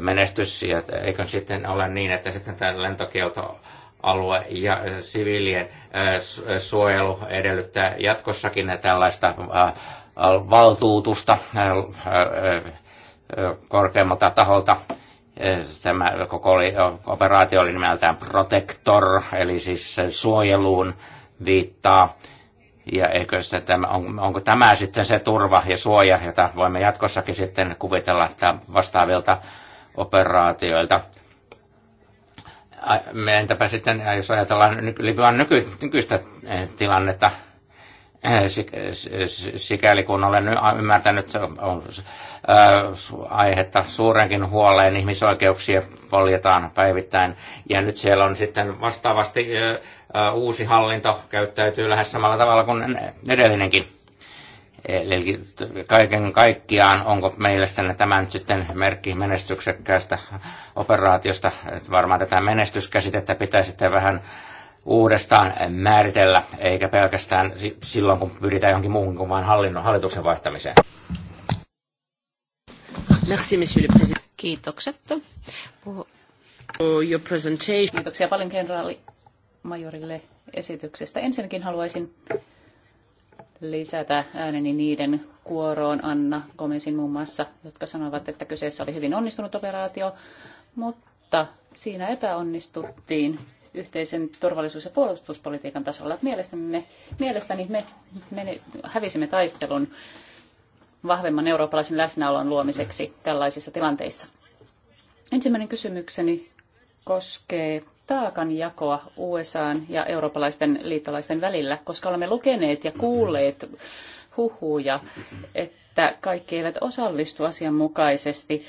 menestys, ja eikö sitten ole niin, että sitten tämä lentokieltoalue ja siviilien suojelu edellyttää jatkossakin tällaista valtuutusta korkeammalta taholta Tämä koko oli, operaatio oli nimeltään Protector, eli siis suojeluun viittaa. Ja eikö sitä, tämä, on, onko tämä sitten se turva ja suoja, jota voimme jatkossakin sitten kuvitella vastaavilta operaatioilta? Entäpä sitten, jos ajatellaan Libyan nyky, nykyistä eh, tilannetta, Eh, sikäli kun olen ymmärtänyt aihetta suurenkin huoleen, ihmisoikeuksia poljetaan päivittäin. Ja nyt siellä on sitten vastaavasti uusi hallinto käyttäytyy lähes samalla tavalla kuin edellinenkin. Eli kaiken kaikkiaan, onko mielestäni tämä nyt sitten merkki menestyksekkäästä operaatiosta? Varmaan tätä menestyskäsitettä pitäisi sitten vähän uudestaan määritellä, eikä pelkästään silloin, kun pyritään johonkin muuhun kuin vain hallinnon, hallituksen vaihtamiseen. Merci, monsieur le président. Kiitokset. Your presentation. Kiitoksia paljon kenraali majorille esityksestä. Ensinnäkin haluaisin lisätä ääneni niiden kuoroon Anna Gomesin muun muassa, jotka sanoivat, että kyseessä oli hyvin onnistunut operaatio, mutta siinä epäonnistuttiin yhteisen turvallisuus- ja puolustuspolitiikan tasolla. Mielestäni, mielestäni me, me hävisimme taistelun vahvemman eurooppalaisen läsnäolon luomiseksi tällaisissa tilanteissa. Ensimmäinen kysymykseni koskee jakoa USAn ja eurooppalaisten liittolaisten välillä, koska olemme lukeneet ja kuulleet huhuja, että kaikki eivät osallistu asianmukaisesti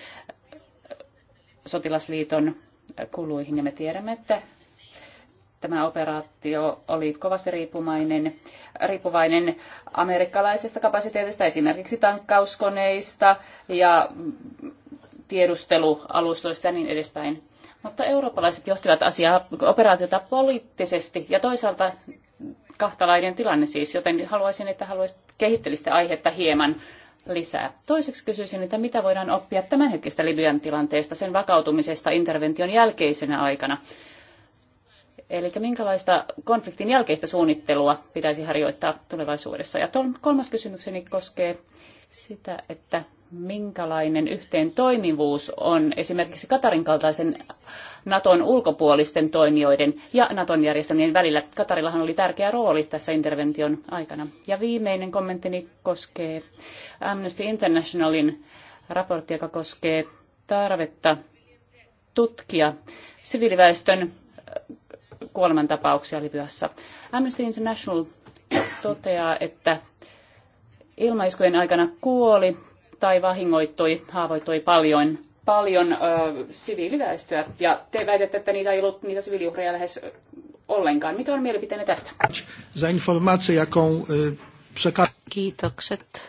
sotilasliiton kuluihin. Ja me tiedämme, että Tämä operaatio oli kovasti riippumainen, riippuvainen amerikkalaisesta kapasiteetista, esimerkiksi tankkauskoneista ja tiedustelualustoista ja niin edespäin. Mutta eurooppalaiset johtivat asiaa, operaatiota poliittisesti ja toisaalta kahtalainen tilanne siis, joten haluaisin, että haluaisit kehittelistä aihetta hieman lisää. Toiseksi kysyisin, että mitä voidaan oppia tämänhetkistä Libyan tilanteesta, sen vakautumisesta intervention jälkeisenä aikana. Eli minkälaista konfliktin jälkeistä suunnittelua pitäisi harjoittaa tulevaisuudessa? Ja kolmas kysymykseni koskee sitä, että minkälainen yhteen toimivuus on esimerkiksi Katarin kaltaisen Naton ulkopuolisten toimijoiden ja Naton järjestelmien välillä. Katarillahan oli tärkeä rooli tässä intervention aikana. Ja viimeinen kommenttini koskee Amnesty Internationalin raporttia, joka koskee tarvetta tutkia siviiliväestön kuolemantapauksia Libyassa. Amnesty International toteaa, että ilmaiskujen aikana kuoli tai vahingoittui, haavoittui paljon paljon ö, siviiliväestöä. Ja te väitätte, että niitä ei ollut niitä siviiliuhreja lähes ollenkaan. Mikä on mielipiteenne tästä? Kiitokset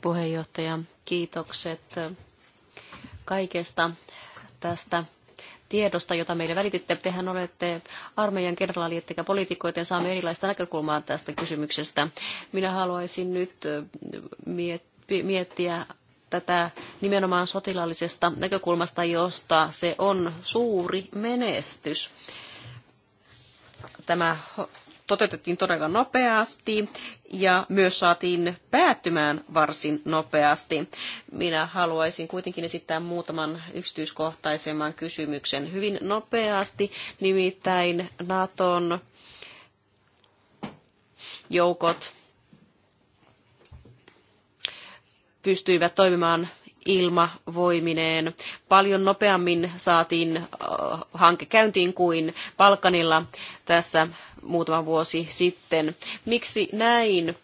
puheenjohtaja. Kiitokset kaikesta tästä tiedosta, jota meille välititte. Tehän olette armeijan kenraali, ettekä poliitikko, joten saamme erilaista näkökulmaa tästä kysymyksestä. Minä haluaisin nyt miettiä tätä nimenomaan sotilaallisesta näkökulmasta, josta se on suuri menestys. Tämä toteutettiin todella nopeasti ja myös saatiin päättymään varsin nopeasti. Minä haluaisin kuitenkin esittää muutaman yksityiskohtaisemman kysymyksen hyvin nopeasti, nimittäin Naton joukot pystyivät toimimaan ilmavoimineen. Paljon nopeammin saatiin hanke käyntiin kuin Balkanilla tässä muutama vuosi sitten. Miksi näin?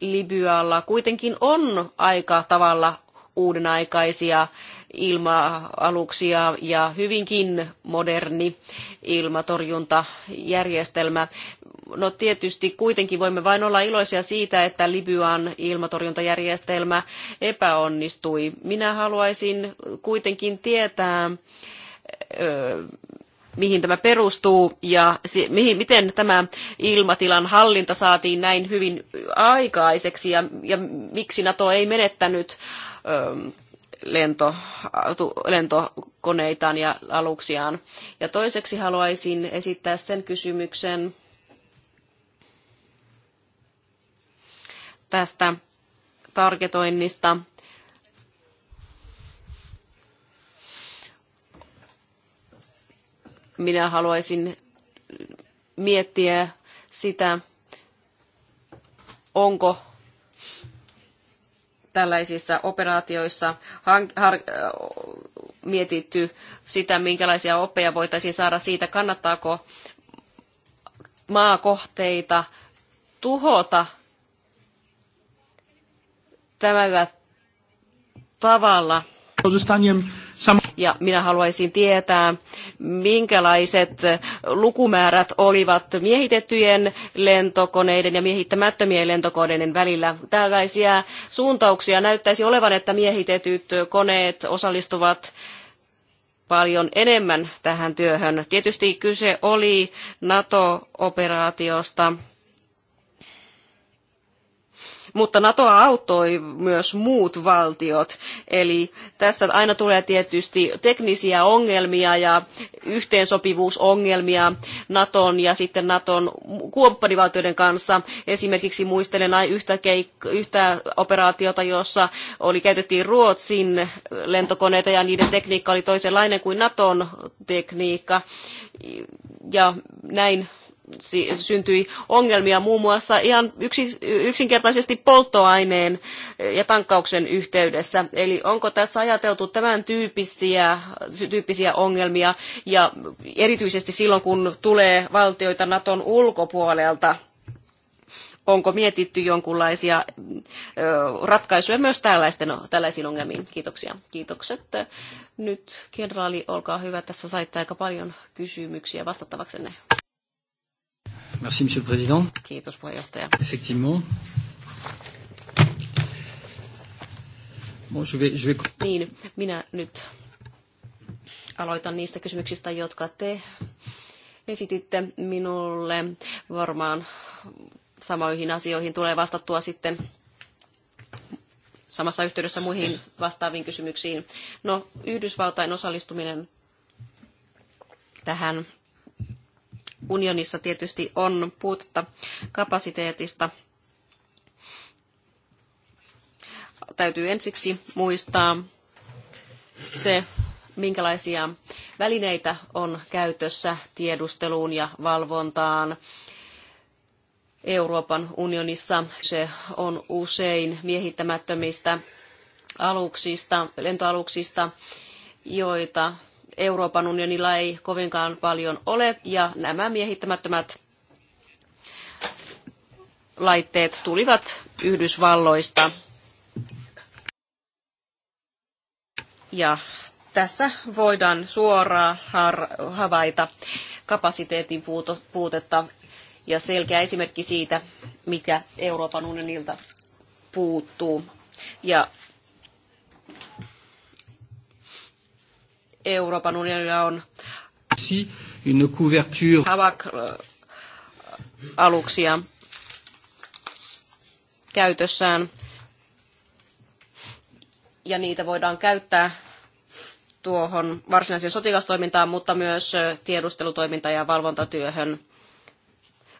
Libyalla kuitenkin on aika tavalla uudenaikaisia ilma-aluksia ja hyvinkin moderni ilmatorjuntajärjestelmä. No tietysti kuitenkin voimme vain olla iloisia siitä, että Libyan ilmatorjuntajärjestelmä epäonnistui. Minä haluaisin kuitenkin tietää, mihin tämä perustuu ja mihin, miten tämä ilmatilan hallinta saatiin näin hyvin aikaiseksi ja, ja miksi NATO ei menettänyt ö, lento, lentokoneitaan ja aluksiaan. Ja toiseksi haluaisin esittää sen kysymyksen tästä targetoinnista – minä haluaisin miettiä sitä, onko tällaisissa operaatioissa mietitty sitä, minkälaisia oppeja voitaisiin saada siitä, kannattaako maakohteita tuhota tämällä tavalla. Ja minä haluaisin tietää, minkälaiset lukumäärät olivat miehitettyjen lentokoneiden ja miehittämättömien lentokoneiden välillä. Tällaisia suuntauksia näyttäisi olevan, että miehitetyt koneet osallistuvat paljon enemmän tähän työhön. Tietysti kyse oli NATO-operaatiosta mutta NATOa auttoi myös muut valtiot. Eli tässä aina tulee tietysti teknisiä ongelmia ja yhteensopivuusongelmia NATOn ja sitten NATOn kumppanivaltioiden kanssa. Esimerkiksi muistelen yhtä, keik- yhtä operaatiota, jossa oli, käytettiin Ruotsin lentokoneita ja niiden tekniikka oli toisenlainen kuin NATOn tekniikka. Ja näin syntyi ongelmia muun muassa ihan yksinkertaisesti polttoaineen eh, ja tankkauksen yhteydessä. Eli onko tässä ajateltu tämän tyyppisiä, tyyppisiä ongelmia ja erityisesti silloin, kun tulee valtioita Naton ulkopuolelta? Onko mietitty jonkinlaisia eh, ratkaisuja myös tällaisten, tällaisiin ongelmiin? Kiitoksia. Kiitokset. Nyt kenraali, olkaa hyvä. Tässä saitte aika paljon kysymyksiä vastattavaksenne. Merci, Monsieur le Président. Kiitos puheenjohtaja. Effectivement. Bon, je vais, je vais... Niin, minä nyt aloitan niistä kysymyksistä, jotka te esititte minulle. Varmaan samoihin asioihin tulee vastattua sitten samassa yhteydessä muihin vastaaviin kysymyksiin. No, Yhdysvaltain osallistuminen tähän unionissa tietysti on puutetta kapasiteetista. Täytyy ensiksi muistaa se, minkälaisia välineitä on käytössä tiedusteluun ja valvontaan. Euroopan unionissa se on usein miehittämättömistä aluksista, lentoaluksista, joita Euroopan unionilla ei kovinkaan paljon ole, ja nämä miehittämättömät laitteet tulivat Yhdysvalloista. Ja tässä voidaan suoraan havaita kapasiteetin puutetta ja selkeä esimerkki siitä, mikä Euroopan unionilta puuttuu. Ja Euroopan unionilla on si, une couverture. Havak, aluksia käytössään ja niitä voidaan käyttää tuohon varsinaiseen sotilastoimintaan, mutta myös tiedustelutoimintaan ja valvontatyöhön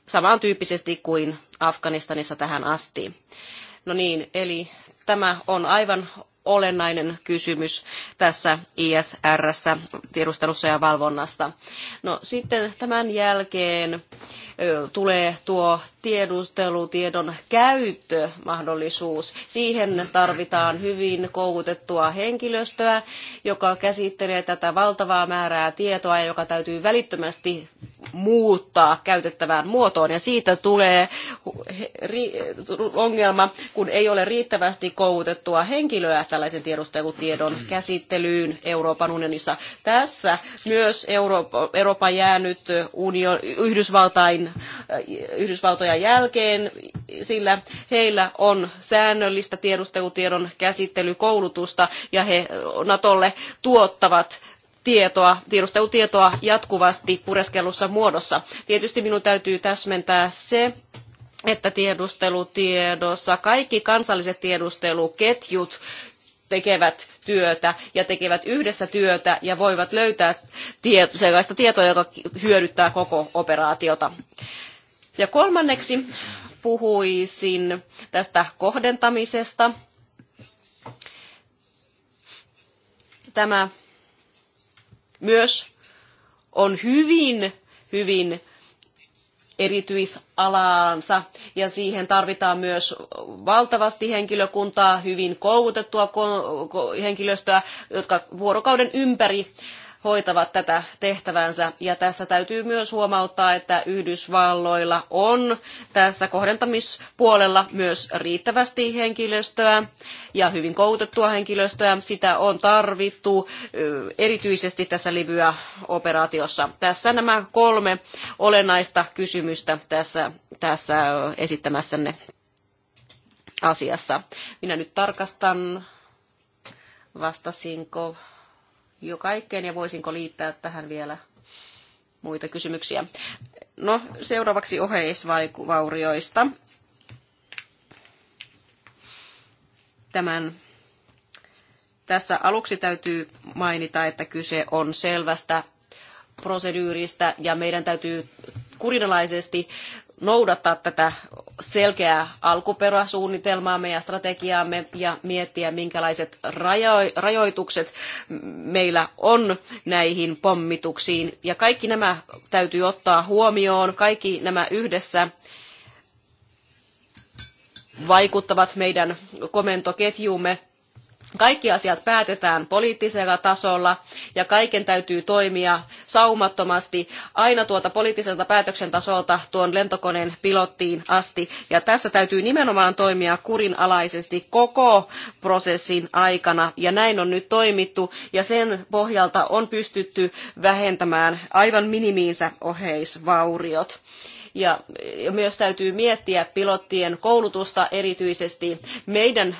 samantyyppisesti kuin Afganistanissa tähän asti. No niin, eli tämä on aivan olennainen kysymys tässä ISRssä, tiedustelussa ja valvonnasta. No sitten tämän jälkeen tulee tuo tiedustelutiedon käyttömahdollisuus. Siihen tarvitaan hyvin koulutettua henkilöstöä, joka käsittelee tätä valtavaa määrää tietoa ja joka täytyy välittömästi muuttaa käytettävään muotoon. Ja siitä tulee ongelma, kun ei ole riittävästi koulutettua henkilöä tällaisen tiedustelutiedon käsittelyyn Euroopan unionissa. Tässä myös Eurooppa, Eurooppa jäänyt union, Yhdysvaltain sitten Yhdysvaltoja jälkeen, sillä heillä on säännöllistä tiedustelutiedon käsittelykoulutusta ja he Natolle tuottavat tietoa, tiedustelutietoa jatkuvasti pureskellussa muodossa. Tietysti minun täytyy täsmentää se, että tiedustelutiedossa kaikki kansalliset tiedusteluketjut tekevät yhteistyötä ja tekevät yhdessä työtä ja voivat löytää tieto, sellaista tietoa, joka hyödyttää koko operaatiota. Ja kolmanneksi puhuisin tästä kohdentamisesta. Tämä myös on hyvin, hyvin erityisalaansa ja siihen tarvitaan myös valtavasti henkilökuntaa, hyvin koulutettua henkilöstöä, jotka vuorokauden ympäri hoitavat tätä tehtävänsä. Ja tässä täytyy myös huomauttaa, että Yhdysvalloilla on tässä kohdentamispuolella myös riittävästi henkilöstöä ja hyvin koulutettua henkilöstöä. Sitä on tarvittu erityisesti tässä Libya-operaatiossa. Tässä nämä kolme olennaista kysymystä tässä, tässä esittämässänne asiassa. Minä nyt tarkastan, vastasinko jo kaikkeen ja voisinko liittää tähän vielä muita kysymyksiä. No, seuraavaksi oheisvaurioista. Tämän tässä aluksi täytyy mainita, että kyse on selvästä proseduurista ja meidän täytyy kurinalaisesti noudattaa tätä selkeää alkuperäsuunnitelmaamme ja strategiaamme ja miettiä, minkälaiset rajoitukset meillä on näihin pommituksiin. Ja kaikki nämä täytyy ottaa huomioon, kaikki nämä yhdessä vaikuttavat meidän komentoketjuumme kaikki asiat päätetään poliittisella tasolla ja kaiken täytyy toimia saumattomasti aina tuota poliittiselta päätöksentasolta tuon lentokoneen pilottiin asti. Ja tässä täytyy nimenomaan toimia kurinalaisesti koko prosessin aikana ja näin on nyt toimittu ja sen pohjalta on pystytty vähentämään aivan minimiinsä oheisvauriot. Ja myös täytyy miettiä pilottien koulutusta erityisesti. Meidän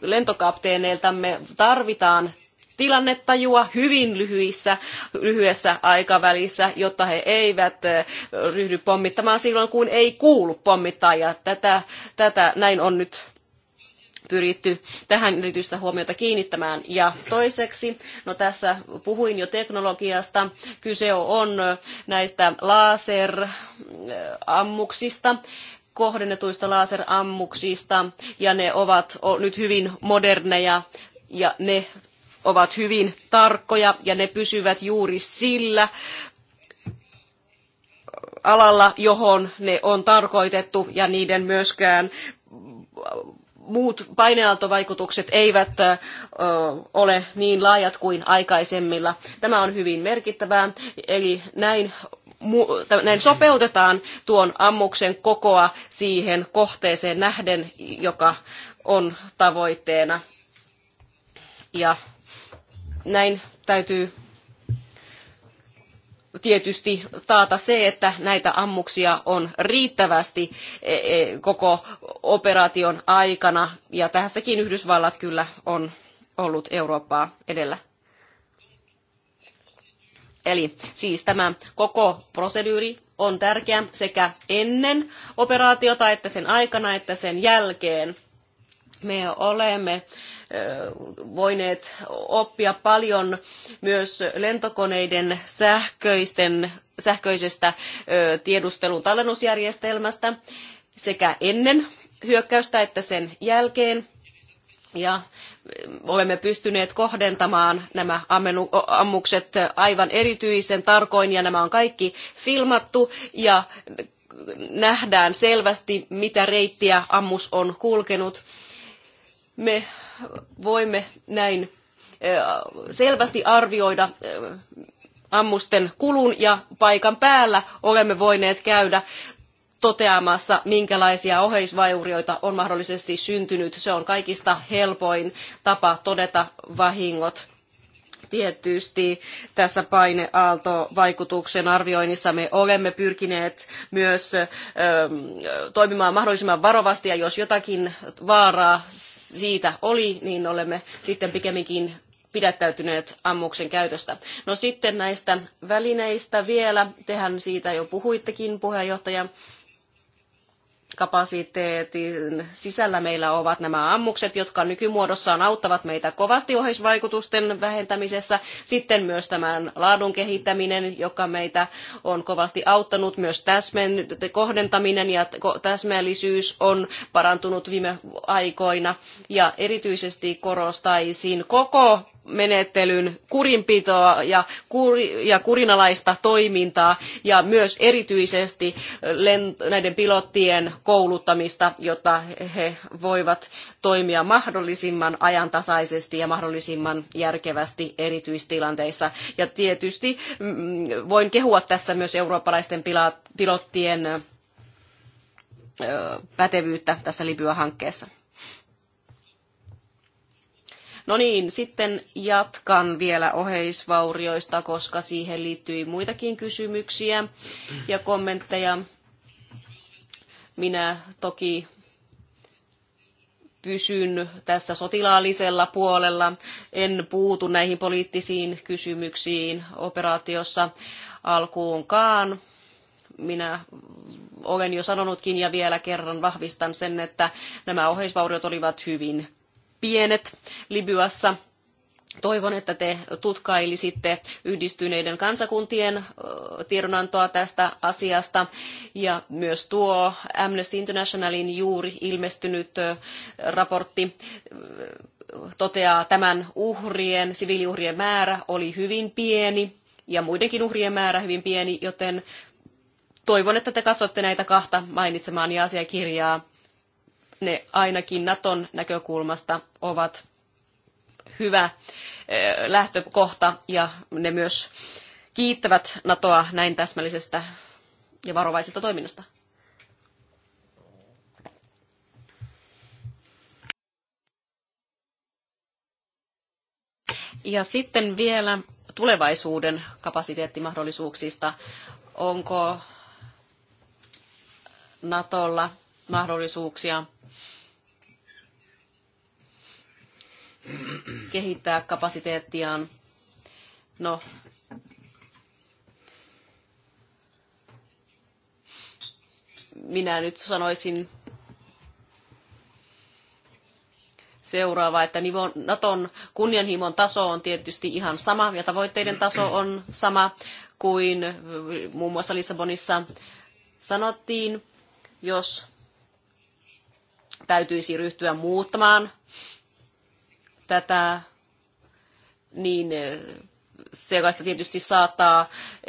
lentokapteeneiltamme tarvitaan tilannetajua hyvin lyhyissä, lyhyessä aikavälissä, jotta he eivät ryhdy pommittamaan silloin, kun ei kuulu pommittaa. Ja tätä, tätä näin on nyt pyritty tähän erityistä huomiota kiinnittämään. Ja toiseksi, no tässä puhuin jo teknologiasta, kyse on näistä laserammuksista, kohdennetuista laserammuksista, ja ne ovat nyt hyvin moderneja, ja ne ovat hyvin tarkkoja, ja ne pysyvät juuri sillä alalla, johon ne on tarkoitettu, ja niiden myöskään muut paineaaltovaikutukset eivät ole niin laajat kuin aikaisemmilla. Tämä on hyvin merkittävää, eli näin näin sopeutetaan tuon ammuksen kokoa siihen kohteeseen nähden, joka on tavoitteena. Ja näin täytyy tietysti taata se, että näitä ammuksia on riittävästi e, e, koko operaation aikana. Ja tässäkin Yhdysvallat kyllä on ollut Eurooppaa edellä. Eli siis tämä koko proseduuri on tärkeä sekä ennen operaatiota, että sen aikana, että sen jälkeen me olemme voineet oppia paljon myös lentokoneiden sähköisten, sähköisestä tiedustelun tallennusjärjestelmästä sekä ennen hyökkäystä että sen jälkeen. Ja olemme pystyneet kohdentamaan nämä ammukset aivan erityisen tarkoin ja nämä on kaikki filmattu ja nähdään selvästi, mitä reittiä ammus on kulkenut me voimme näin selvästi arvioida ammusten kulun ja paikan päällä olemme voineet käydä toteamassa, minkälaisia oheisvaurioita on mahdollisesti syntynyt. Se on kaikista helpoin tapa todeta vahingot. Tietysti tässä paineaalto arvioinnissa me olemme pyrkineet myös toimimaan mahdollisimman varovasti, ja jos jotakin vaaraa siitä oli, niin olemme sitten pikemminkin pidättäytyneet ammuksen käytöstä. No sitten näistä välineistä vielä, tehän siitä jo puhuittekin puheenjohtaja, kapasiteetin sisällä meillä ovat nämä ammukset, jotka nykymuodossaan auttavat meitä kovasti oheisvaikutusten vähentämisessä. Sitten myös tämän laadun kehittäminen, joka meitä on kovasti auttanut. Myös täsmen, kohdentaminen ja täsmällisyys on parantunut viime aikoina. Ja erityisesti korostaisin koko menettelyn kurinpitoa ja, kuri, ja kurinalaista toimintaa ja myös erityisesti näiden pilottien kouluttamista, jotta he voivat toimia mahdollisimman ajantasaisesti ja mahdollisimman järkevästi erityistilanteissa. Ja tietysti mm, voin kehua tässä myös eurooppalaisten pilottien pätevyyttä tässä Libya-hankkeessa. No niin, sitten jatkan vielä oheisvaurioista, koska siihen liittyi muitakin kysymyksiä ja kommentteja. Minä toki pysyn tässä sotilaallisella puolella. En puutu näihin poliittisiin kysymyksiin operaatiossa alkuunkaan. Minä olen jo sanonutkin ja vielä kerran vahvistan sen, että nämä oheisvauriot olivat hyvin pienet Libyassa. Toivon, että te tutkailisitte yhdistyneiden kansakuntien tiedonantoa tästä asiasta ja myös tuo Amnesty Internationalin juuri ilmestynyt raportti toteaa tämän uhrien, siviiliuhrien määrä oli hyvin pieni ja muidenkin uhrien määrä hyvin pieni, joten toivon, että te katsotte näitä kahta mainitsemaani asiakirjaa ne ainakin Naton näkökulmasta ovat hyvä eh, lähtökohta ja ne myös kiittävät NATOa näin täsmällisestä ja varovaisesta toiminnasta. Ja sitten vielä tulevaisuuden kapasiteettimahdollisuuksista. Onko Natolla mahdollisuuksia kehittää kapasiteettiaan. No, minä nyt sanoisin seuraava, että Naton kunnianhimon taso on tietysti ihan sama ja tavoitteiden taso on sama kuin muun muassa Lissabonissa sanottiin, jos täytyisi ryhtyä muuttamaan tätä, niin eh, sellaista tietysti saattaa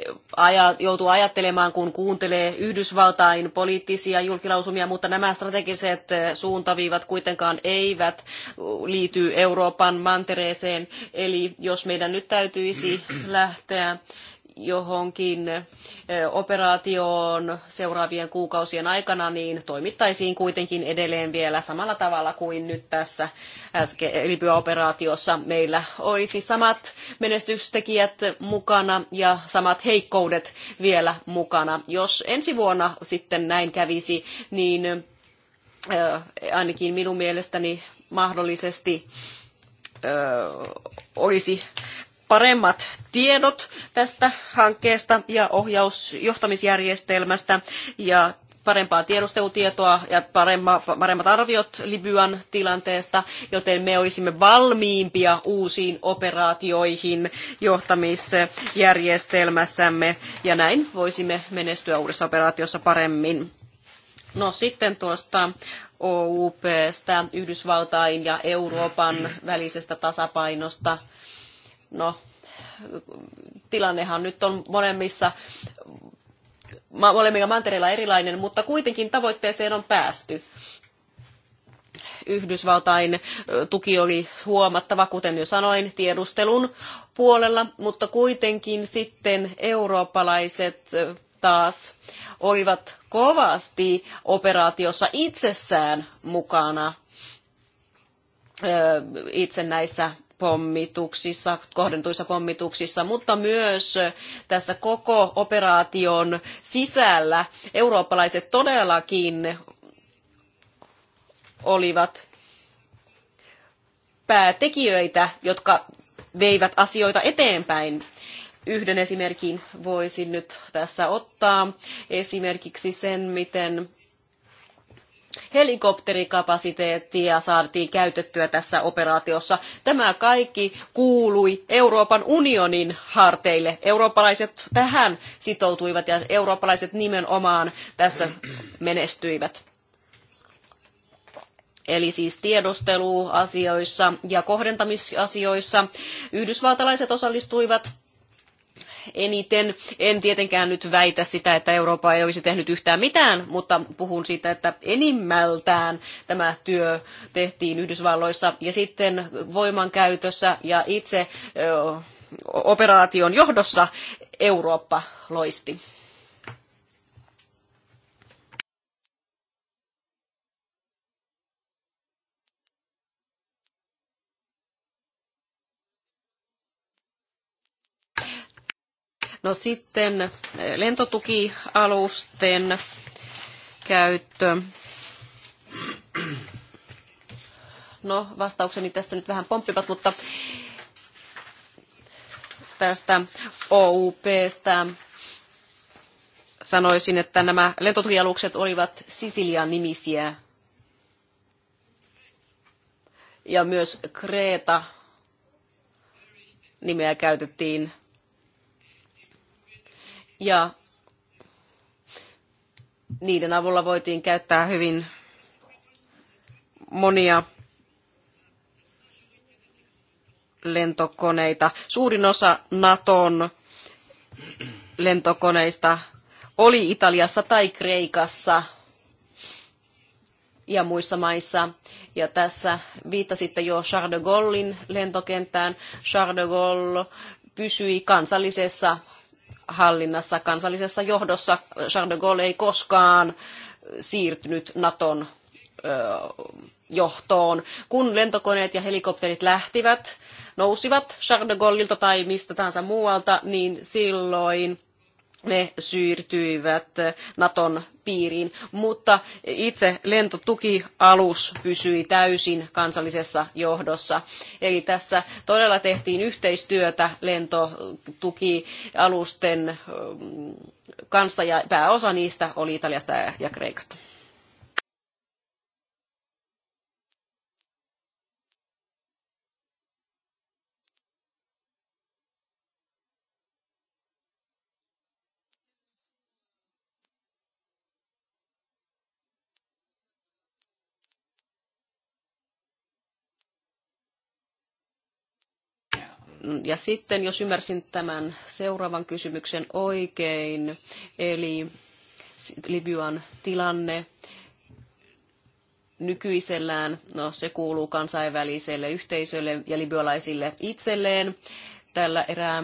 eh, aja, joutua ajattelemaan, kun kuuntelee Yhdysvaltain poliittisia julkilausumia, mutta nämä strategiset eh, suuntaviivat kuitenkaan eivät liity Euroopan mantereeseen. Eli jos meidän nyt täytyisi lähteä johonkin eh, operaatioon seuraavien kuukausien aikana, niin toimittaisiin kuitenkin edelleen vielä samalla tavalla kuin nyt tässä Libya-operaatiossa. Meillä olisi samat menestystekijät mukana ja samat heikkoudet vielä mukana. Jos ensi vuonna sitten näin kävisi, niin eh, ainakin minun mielestäni mahdollisesti eh, olisi paremmat tiedot tästä hankkeesta ja ohjausjohtamisjärjestelmästä ja parempaa tiedustelutietoa ja paremmat arviot Libyan tilanteesta, joten me olisimme valmiimpia uusiin operaatioihin johtamisjärjestelmässämme ja näin voisimme menestyä uudessa operaatiossa paremmin. No sitten tuosta OUPstä, Yhdysvaltain ja Euroopan välisestä tasapainosta. No, tilannehan nyt on molemmissa molemmilla mantereilla erilainen, mutta kuitenkin tavoitteeseen on päästy. Yhdysvaltain tuki oli huomattava, kuten jo sanoin, tiedustelun puolella, mutta kuitenkin sitten eurooppalaiset taas olivat kovasti operaatiossa itsessään mukana itse näissä pommituksissa, kohdentuissa pommituksissa, mutta myös tässä koko operaation sisällä eurooppalaiset todellakin olivat päätekijöitä, jotka veivät asioita eteenpäin. Yhden esimerkin voisin nyt tässä ottaa, esimerkiksi sen, miten helikopterikapasiteettia saatiin käytettyä tässä operaatiossa. Tämä kaikki kuului Euroopan unionin harteille. Eurooppalaiset tähän sitoutuivat ja eurooppalaiset nimenomaan tässä menestyivät eli siis tiedusteluasioissa ja kohdentamisasioissa. Yhdysvaltalaiset osallistuivat eniten. En tietenkään nyt väitä sitä, että Eurooppa ei olisi tehnyt yhtään mitään, mutta puhun siitä, että enimmältään tämä työ tehtiin Yhdysvalloissa ja sitten voimankäytössä ja itse operaation johdossa Eurooppa loisti. No sitten eh, lentotukialusten käyttö. No, vastaukseni tässä nyt vähän pomppivat, mutta tästä OUPstä sanoisin, että nämä lentotukialukset olivat Sisilian nimisiä ja myös Kreeta nimeä käytettiin ja niiden avulla voitiin käyttää hyvin monia lentokoneita. Suurin osa Naton lentokoneista oli Italiassa tai Kreikassa ja muissa maissa. Ja tässä viittasitte jo Charles de Gaullein lentokenttään. Charles de Gaulle pysyi kansallisessa hallinnassa, kansallisessa johdossa. Charles de Gaulle ei koskaan siirtynyt Naton johtoon. Kun lentokoneet ja helikopterit lähtivät, nousivat Charles de Gaulleilta tai mistä tahansa muualta, niin silloin ne siirtyivät Naton piiriin, mutta itse lentotukialus pysyi täysin kansallisessa johdossa. Eli tässä todella tehtiin yhteistyötä lentotukialusten kanssa ja pääosa niistä oli Italiasta ja Kreikasta. Ja sitten, jos ymmärsin tämän seuraavan kysymyksen oikein, eli Libyan tilanne nykyisellään, no se kuuluu kansainväliselle yhteisölle ja libyalaisille itselleen tällä erää.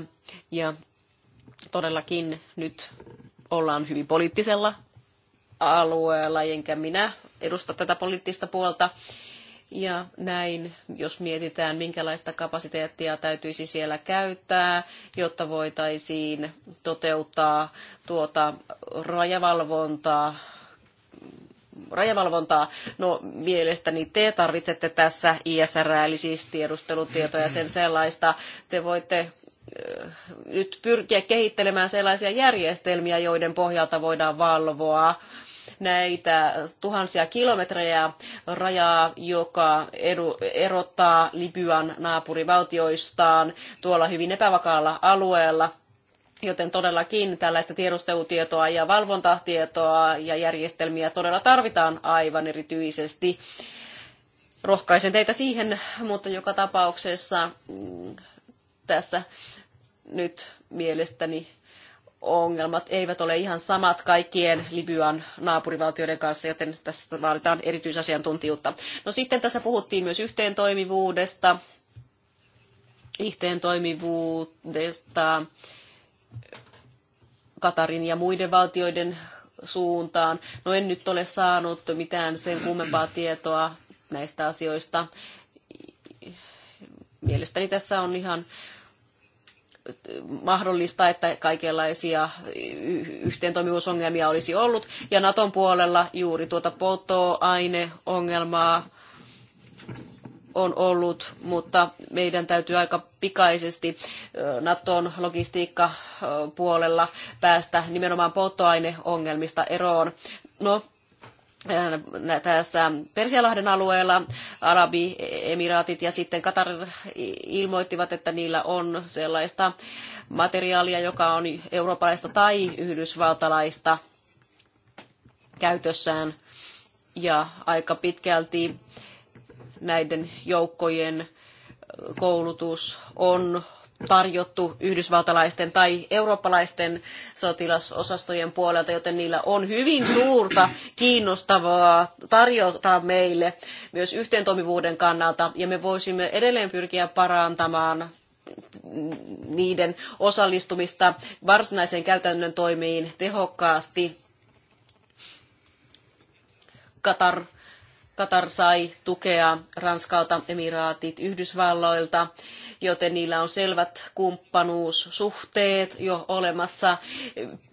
Ja todellakin nyt ollaan hyvin poliittisella alueella, enkä minä edusta tätä poliittista puolta ja näin, jos mietitään, minkälaista kapasiteettia täytyisi siellä käyttää, jotta voitaisiin toteuttaa tuota rajavalvontaa, rajavalvontaa. No mielestäni te tarvitsette tässä ISR, eli siis tiedustelutietoja ja sen sellaista. Te voitte eh, nyt pyrkiä kehittelemään sellaisia järjestelmiä, joiden pohjalta voidaan valvoa näitä tuhansia kilometrejä rajaa, joka edu, erottaa Libyan naapurivaltioistaan tuolla hyvin epävakaalla alueella. Joten todellakin tällaista tiedustelutietoa ja valvontatietoa ja järjestelmiä todella tarvitaan aivan erityisesti. Rohkaisen teitä siihen, mutta joka tapauksessa mm, tässä nyt mielestäni ongelmat eivät ole ihan samat kaikkien Libyan naapurivaltioiden kanssa, joten tässä vaaditaan erityisasiantuntijuutta. No sitten tässä puhuttiin myös yhteentoimivuudesta, yhteentoimivuudesta Katarin ja muiden valtioiden suuntaan. No en nyt ole saanut mitään sen kummempaa tietoa näistä asioista. Mielestäni tässä on ihan mahdollista, että kaikenlaisia yhteentoimivuusongelmia olisi ollut. Ja Naton puolella juuri tuota polttoaineongelmaa on ollut, mutta meidän täytyy aika pikaisesti Naton logistiikkapuolella päästä nimenomaan polttoaineongelmista eroon. No, tässä Persialahden alueella Arabi-emiraatit ja sitten Katar ilmoittivat, että niillä on sellaista materiaalia, joka on eurooppalaista tai yhdysvaltalaista käytössään. Ja aika pitkälti näiden joukkojen koulutus on tarjottu yhdysvaltalaisten tai eurooppalaisten sotilasosastojen puolelta, joten niillä on hyvin suurta kiinnostavaa tarjota meille myös yhteentoimivuuden kannalta, ja me voisimme edelleen pyrkiä parantamaan niiden osallistumista varsinaiseen käytännön toimiin tehokkaasti. Katar Katar sai tukea Ranskalta, Emiraatit, Yhdysvalloilta, joten niillä on selvät kumppanuussuhteet jo olemassa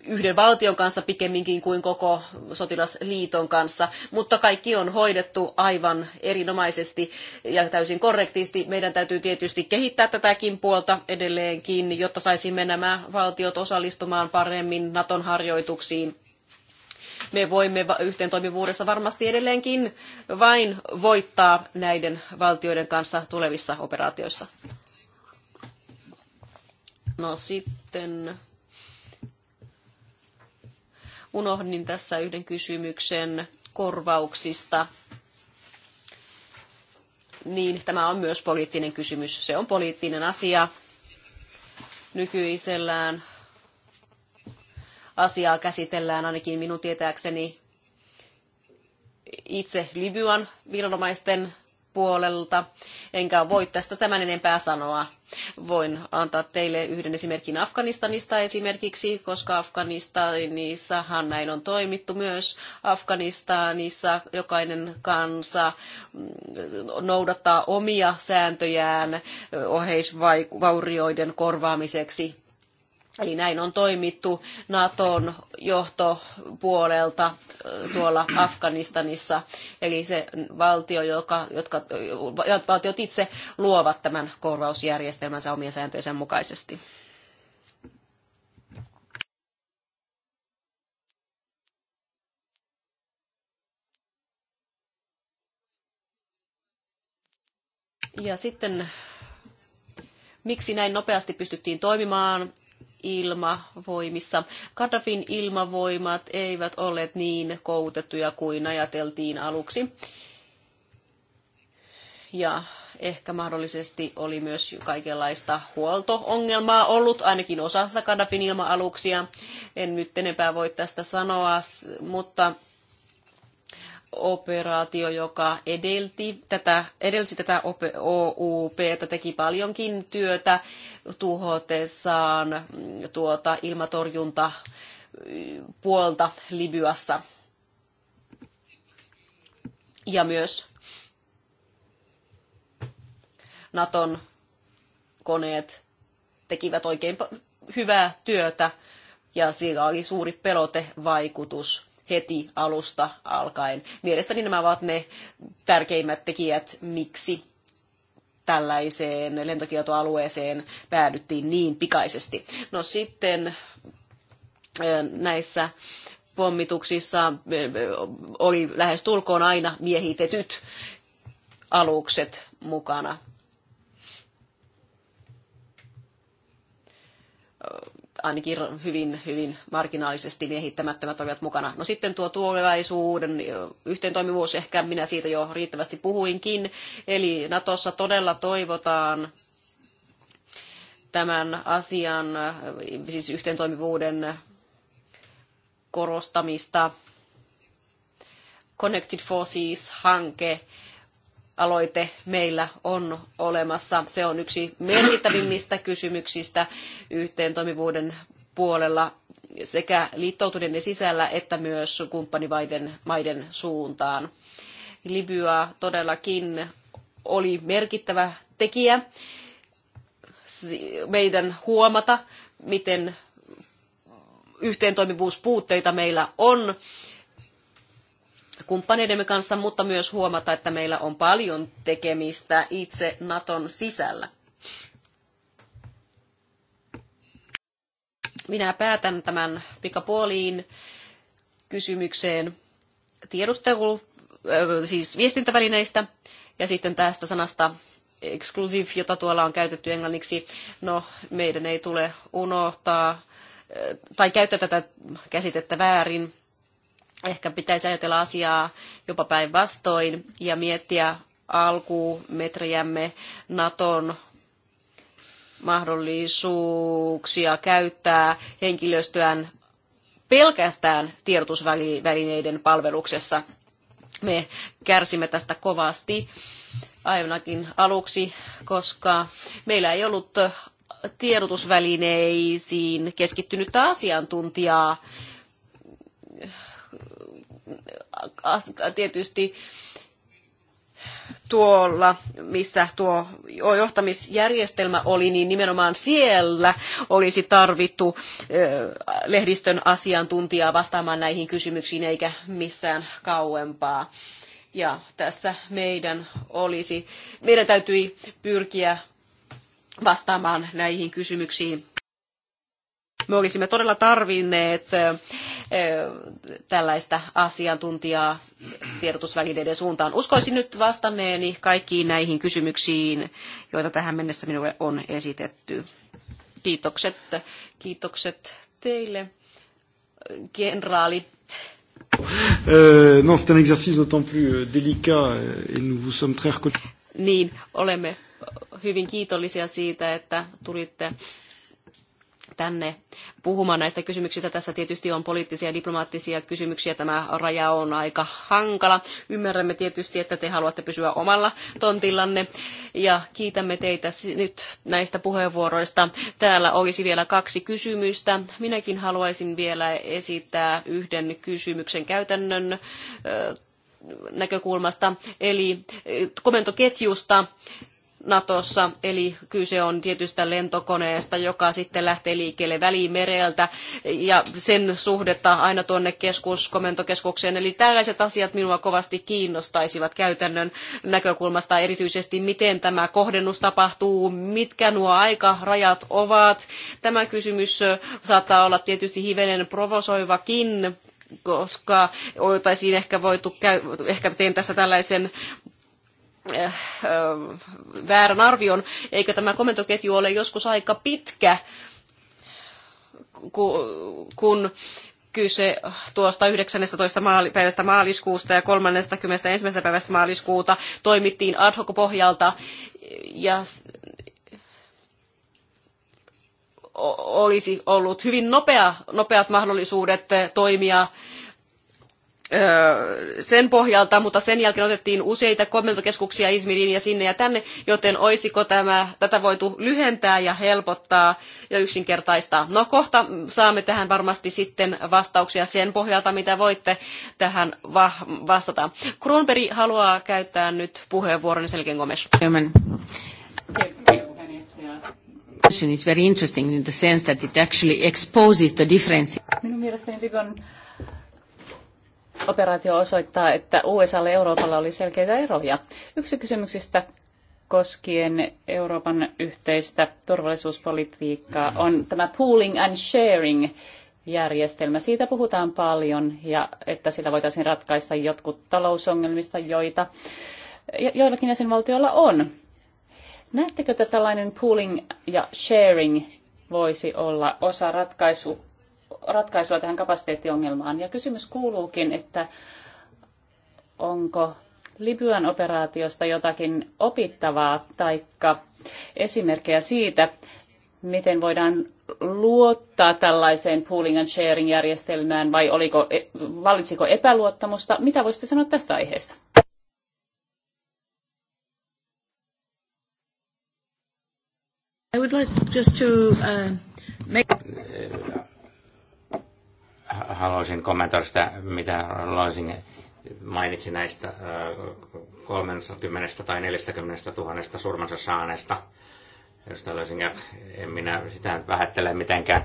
yhden valtion kanssa pikemminkin kuin koko sotilasliiton kanssa, mutta kaikki on hoidettu aivan erinomaisesti ja täysin korrektisti. Meidän täytyy tietysti kehittää tätäkin puolta edelleenkin, jotta saisimme nämä valtiot osallistumaan paremmin Naton harjoituksiin me voimme yhteen toimivuudessa varmasti edelleenkin vain voittaa näiden valtioiden kanssa tulevissa operaatioissa. No sitten unohdin tässä yhden kysymyksen korvauksista. Niin, tämä on myös poliittinen kysymys. Se on poliittinen asia. Nykyisellään asiaa käsitellään, ainakin minun tietääkseni itse Libyan viranomaisten puolelta, enkä voi tästä tämän enempää sanoa. Voin antaa teille yhden esimerkin Afganistanista esimerkiksi, koska Afganistanissahan näin on toimittu myös. Afganistanissa jokainen kansa mm, noudattaa omia sääntöjään oheisvaurioiden korvaamiseksi Eli näin on toimittu Naton johtopuolelta äh, tuolla Afganistanissa. Eli se valtio, joka, jotka, äh, valtiot itse luovat tämän korvausjärjestelmänsä omien sääntöjensä mukaisesti. Ja sitten miksi näin nopeasti pystyttiin toimimaan ilmavoimissa. Gaddafin ilmavoimat eivät olleet niin koutettuja kuin ajateltiin aluksi. Ja ehkä mahdollisesti oli myös kaikenlaista huoltoongelmaa ollut, ainakin osassa Gaddafin ilma-aluksia. En nyt enempää voi tästä sanoa, mutta operaatio, joka edelti tätä, edelsi tätä OUP, teki paljonkin työtä tuhotessaan tuota ilmatorjunta mm, puolta Libyassa. Ja myös Naton koneet tekivät oikein hyvää työtä ja sillä oli suuri pelotevaikutus heti alusta alkaen. Mielestäni nämä ovat ne tärkeimmät tekijät, miksi tällaiseen lentokieltoalueeseen päädyttiin niin pikaisesti. No sitten näissä pommituksissa oli lähes tulkoon aina miehitetyt alukset mukana. ainakin hyvin, hyvin marginaalisesti miehittämättömät olivat mukana. No sitten tuo tulevaisuuden yhteentoimivuus, ehkä minä siitä jo riittävästi puhuinkin. Eli Natossa todella toivotaan tämän asian, siis yhteentoimivuuden korostamista. Connected Forces-hanke aloite meillä on olemassa. Se on yksi merkittävimmistä kysymyksistä yhteen toimivuuden puolella sekä liittoutuneiden sisällä että myös kumppanimaiden maiden suuntaan. Libya todellakin oli merkittävä tekijä meidän huomata, miten yhteentoimivuuspuutteita meillä on kumppaneidemme kanssa, mutta myös huomata, että meillä on paljon tekemistä itse Naton sisällä. Minä päätän tämän pikapuoliin kysymykseen tiedustelu, äh, siis viestintävälineistä ja sitten tästä sanasta exclusive, jota tuolla on käytetty englanniksi. No, meidän ei tule unohtaa äh, tai käyttää tätä käsitettä väärin Ehkä pitäisi ajatella asiaa jopa päinvastoin ja miettiä alkumetriämme Naton mahdollisuuksia käyttää henkilöstöään pelkästään tiedotusvälineiden palveluksessa. Me kärsimme tästä kovasti ainakin aluksi, koska meillä ei ollut tiedotusvälineisiin keskittynyttä asiantuntijaa tietysti tuolla, missä tuo johtamisjärjestelmä oli, niin nimenomaan siellä olisi tarvittu lehdistön asiantuntijaa vastaamaan näihin kysymyksiin, eikä missään kauempaa. Ja tässä meidän olisi, meidän täytyi pyrkiä vastaamaan näihin kysymyksiin me olisimme todella tarvinneet tällaista asiantuntijaa tiedotusvälineiden suuntaan. Uskoisin nyt vastanneeni kaikkiin näihin kysymyksiin, joita tähän mennessä minulle on esitetty. Kiitokset, kiitokset teille, kenraali. non, c'est un exercice d'autant plus euh, délicat euh, et nous vous sommes très reconnaissants. Niin, olemme hyvin kiitollisia siitä, että tulitte tänne puhumaan näistä kysymyksistä. Tässä tietysti on poliittisia ja diplomaattisia kysymyksiä. Tämä raja on aika hankala. Ymmärrämme tietysti, että te haluatte pysyä omalla tontillanne ja kiitämme teitä nyt näistä puheenvuoroista. Täällä olisi vielä kaksi kysymystä. Minäkin haluaisin vielä esittää yhden kysymyksen käytännön näkökulmasta, eli komentoketjusta Natossa, eli kyse on tietystä lentokoneesta, joka sitten lähtee liikkeelle välimereltä ja sen suhdetta aina tuonne keskuskomentokeskukseen. Eli tällaiset asiat minua kovasti kiinnostaisivat käytännön näkökulmasta, erityisesti miten tämä kohdennus tapahtuu, mitkä nuo aikarajat ovat. Tämä kysymys saattaa olla tietysti hivenen provosoivakin, koska oltaisiin ehkä voitu, ehkä tein tässä tällaisen Eh, eh, väärän arvion, eikö tämä komentoketju ole joskus aika pitkä, kun kyse tuosta 19. päivästä maaliskuusta ja 31. päivästä maaliskuuta toimittiin ad hoc pohjalta ja olisi ollut hyvin nopea, nopeat mahdollisuudet eh, toimia sen pohjalta, mutta sen jälkeen otettiin useita komentokeskuksia Izmiriin ja sinne ja tänne, joten olisiko tämä, tätä voitu lyhentää ja helpottaa ja yksinkertaistaa? No kohta saamme tähän varmasti sitten vastauksia sen pohjalta, mitä voitte tähän va- vastata. Kronberg haluaa käyttää nyt puheenvuoron selkeän Gomes. Is very Minun mielestäni operaatio osoittaa, että USAlle ja Euroopalla oli selkeitä eroja. Yksi kysymyksistä koskien Euroopan yhteistä turvallisuuspolitiikkaa on tämä pooling and sharing järjestelmä. Siitä puhutaan paljon ja että sillä voitaisiin ratkaista jotkut talousongelmista, joita joillakin jäsenvaltioilla on. Näettekö, että tällainen pooling ja sharing voisi olla osa ratkaisu ratkaisua tähän kapasiteettiongelmaan. Ja kysymys kuuluukin, että onko Libyan operaatiosta jotakin opittavaa tai esimerkkejä siitä, miten voidaan luottaa tällaiseen pooling and sharing järjestelmään vai oliko, e, valitsiko epäluottamusta? Mitä voisitte sanoa tästä aiheesta? I would like just to, uh, make haluaisin kommentoida sitä, mitä Lansing mainitsi näistä 30 tai 40 000 surmansa saaneesta. Josta Lösinger, en minä sitä vähättele mitenkään.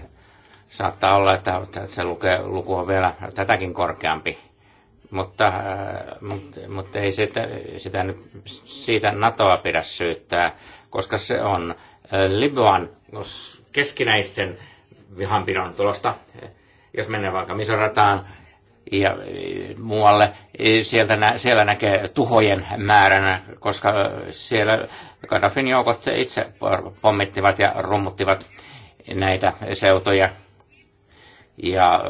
Saattaa olla, että se lukee, luku on vielä tätäkin korkeampi. Mutta, mutta, mutta ei sitä, sitä nyt, siitä NATOa pidä syyttää, koska se on Libyan keskinäisten vihanpidon tulosta jos menee vaikka Misorataan ja e, muualle, e, sieltä nä, siellä näkee tuhojen määränä, koska e, siellä Gaddafin joukot itse pommittivat ja rummuttivat näitä seutoja. Ja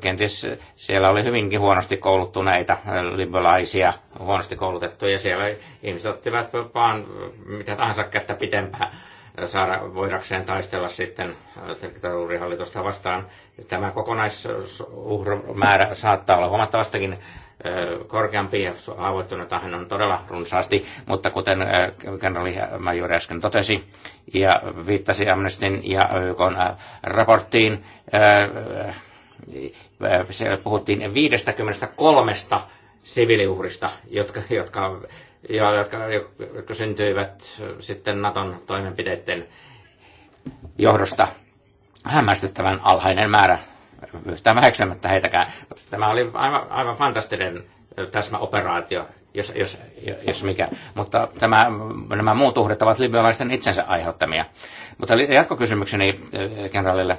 kenties siellä oli hyvinkin huonosti kouluttuneita liberalaisia, huonosti koulutettuja. Siellä ihmiset ottivat vaan mitä tahansa kättä pitempään saada, voidakseen taistella sitten äh, diktatuurihallitusta vastaan. Tämä kokonaisuhromäärä saattaa olla huomattavastakin äh, korkeampi ja tähän on todella runsaasti, mutta kuten äh, kenraali Majori äsken totesi ja viittasi Amnestin ja YK raporttiin, siellä puhuttiin 53 siviliuhrista, jotka, jotka ja jotka, jotka syntyivät sitten Naton toimenpiteiden johdosta. Hämmästyttävän alhainen määrä, yhtään väheksymättä heitäkään. Tämä oli aivan, aivan fantastinen täsmäoperaatio, jos, jos, jos mikä. Mutta tämä, nämä muut uhrit ovat libyalaisten itsensä aiheuttamia. Mutta jatkokysymykseni kenraalille.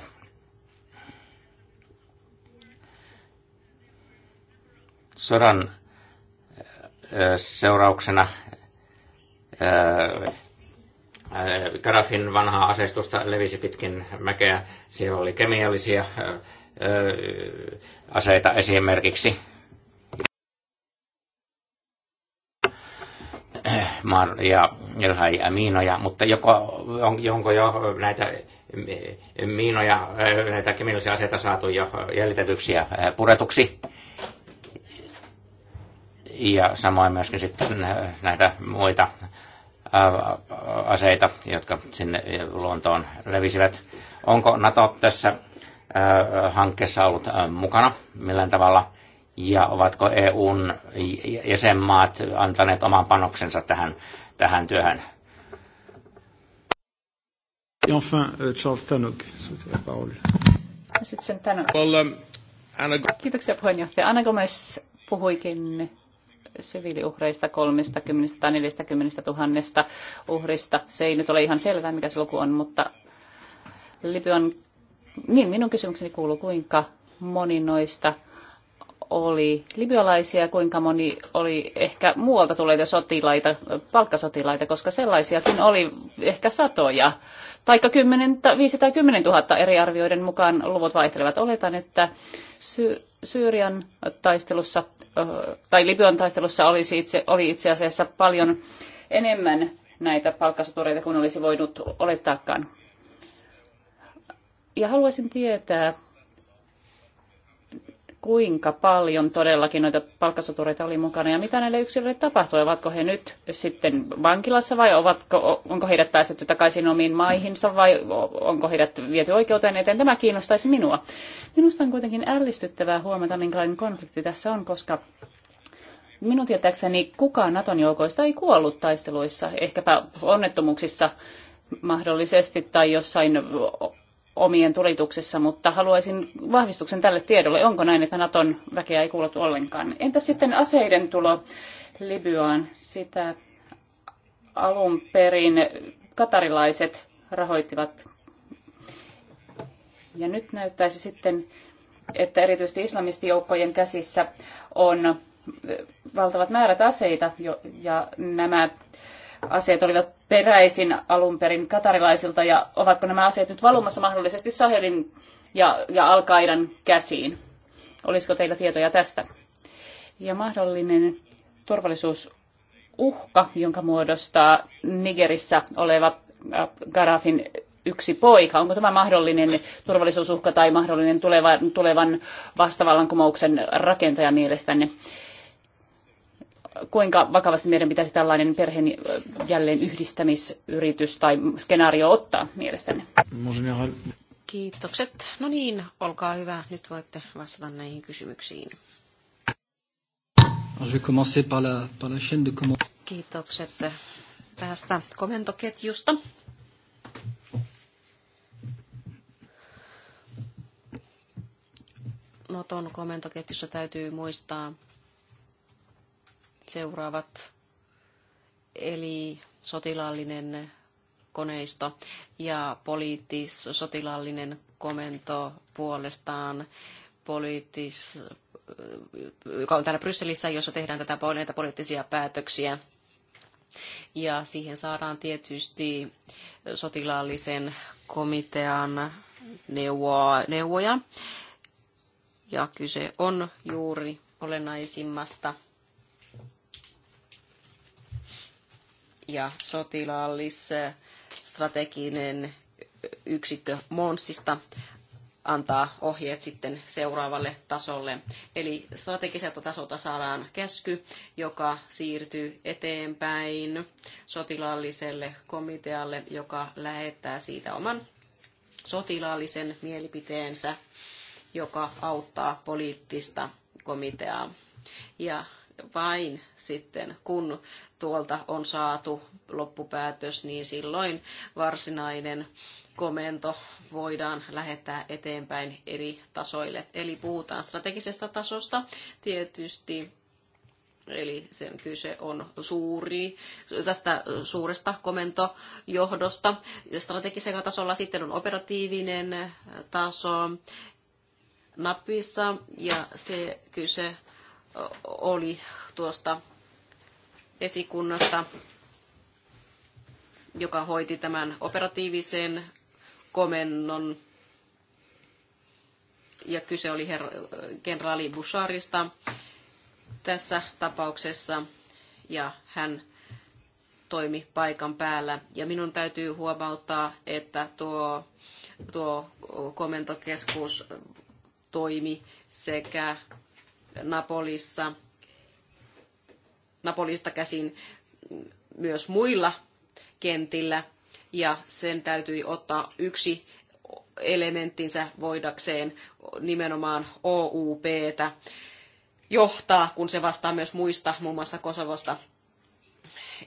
Sodan seurauksena Gaddafin vanhaa aseistusta levisi pitkin mäkeä. Siellä oli kemiallisia aseita esimerkiksi. ja jotain miinoja, mutta joko, on, onko jo näitä miinoja, näitä kemiallisia aseita saatu jo jäljitetyksi ja puretuksi? ja samoin myöskin sitten äh, näitä muita äh, aseita, jotka sinne äh, luontoon levisivät. Onko NATO tässä hankkeessa ollut mukana millään tavalla ja ovatko EUn jäsenmaat antaneet oman panoksensa tähän, tähän työhön? enfin, euh, Charles Tannock, Sitten um, Kiitoksia puheenjohtaja. Anna Gomez puhuikin siviiliuhreista 30 tai 40 000 uhrista. Se ei nyt ole ihan selvää, mikä se luku on, mutta Libyan, niin minun kysymykseni kuuluu, kuinka moni noista oli libyalaisia, kuinka moni oli ehkä muualta tulleita sotilaita, palkkasotilaita, koska sellaisiakin oli ehkä satoja. Taikka 10, 5 tai 10 000 eri arvioiden mukaan luvut vaihtelevat. Oletan, että sy- Syyrian taistelussa tai Libyan taistelussa olisi itse, oli itse asiassa paljon enemmän näitä palkkasotureita kuin olisi voinut olettaakaan. Ja haluaisin tietää, kuinka paljon todellakin noita palkkasotureita oli mukana ja mitä näille yksilöille tapahtui. Ovatko he nyt sitten vankilassa vai ovatko, onko heidät päästetty takaisin omiin maihinsa vai onko heidät viety oikeuteen eteen? Tämä kiinnostaisi minua. Minusta on kuitenkin ällistyttävää huomata, minkälainen konflikti tässä on, koska minun tietääkseni kukaan Naton joukoista ei kuollut taisteluissa, ehkäpä onnettomuuksissa mahdollisesti tai jossain omien tulituksessa, mutta haluaisin vahvistuksen tälle tiedolle. Onko näin, että Naton väkeä ei kuultu ollenkaan? Entä sitten aseiden tulo Libyaan? Sitä alun perin katarilaiset rahoittivat. Ja nyt näyttäisi sitten, että erityisesti islamistijoukkojen käsissä on valtavat määrät aseita ja nämä aseet olivat peräisin alun perin katarilaisilta ja ovatko nämä aseet nyt valumassa mahdollisesti Sahelin ja, ja al käsiin? Olisiko teillä tietoja tästä? Ja mahdollinen turvallisuusuhka, jonka muodostaa Nigerissä oleva äh, Garafin yksi poika. Onko tämä mahdollinen turvallisuusuhka tai mahdollinen tulevan, tulevan vastavallankumouksen rakentaja mielestänne? kuinka vakavasti meidän pitäisi tällainen perheen jälleen yhdistämisyritys tai skenaario ottaa mielestäni? Kiitokset. No niin, olkaa hyvä. Nyt voitte vastata näihin kysymyksiin. Kiitokset tästä komentoketjusta. No tuon komentoketjussa täytyy muistaa seuraavat, eli sotilaallinen koneisto ja poliittis-sotilaallinen komento puolestaan poliittis, joka äh, on täällä Brysselissä, jossa tehdään tätä, näitä poliittisia päätöksiä. Ja siihen saadaan tietysti sotilaallisen komitean neuvoa, neuvoja. Ja kyse on juuri olennaisimmasta ja strateginen yksikkö Monsista antaa ohjeet sitten seuraavalle tasolle. Eli strategiselta tasolta saadaan käsky, joka siirtyy eteenpäin sotilaalliselle komitealle, joka lähettää siitä oman sotilaallisen mielipiteensä, joka auttaa poliittista komiteaa. Ja vain sitten kun tuolta on saatu loppupäätös, niin silloin varsinainen komento voidaan lähettää eteenpäin eri tasoille. Eli puhutaan strategisesta tasosta tietysti Eli sen kyse on suuri, tästä suuresta komentojohdosta. Strategisella tasolla sitten on operatiivinen taso napissa ja se kyse oli tuosta esikunnasta, joka hoiti tämän operatiivisen komennon. Ja kyse oli her- kenraali Busharista tässä tapauksessa. Ja hän toimi paikan päällä. Ja minun täytyy huomauttaa, että tuo, tuo komentokeskus toimi sekä Napolissa, Napolista käsin myös muilla kentillä, ja sen täytyi ottaa yksi elementtinsä voidakseen nimenomaan OUPtä johtaa, kun se vastaa myös muista, muun muassa Kosovosta.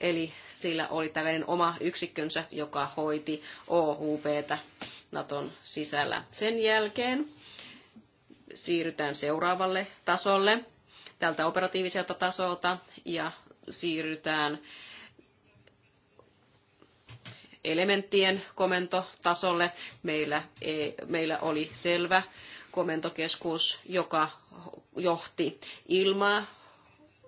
Eli sillä oli tällainen oma yksikkönsä, joka hoiti OUPtä Naton sisällä. Sen jälkeen siirrytään seuraavalle tasolle tältä operatiiviselta tasolta ja siirrytään elementtien komentotasolle. Meillä, e, meillä oli selvä komentokeskus, joka johti ilmaa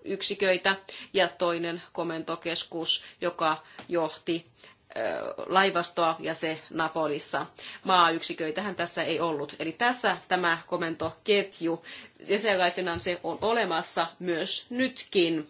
yksiköitä ja toinen komentokeskus, joka johti laivastoa ja se Napolissa. Maayksiköitähän tässä ei ollut. Eli tässä tämä komentoketju ja sellaisenaan se on olemassa myös nytkin.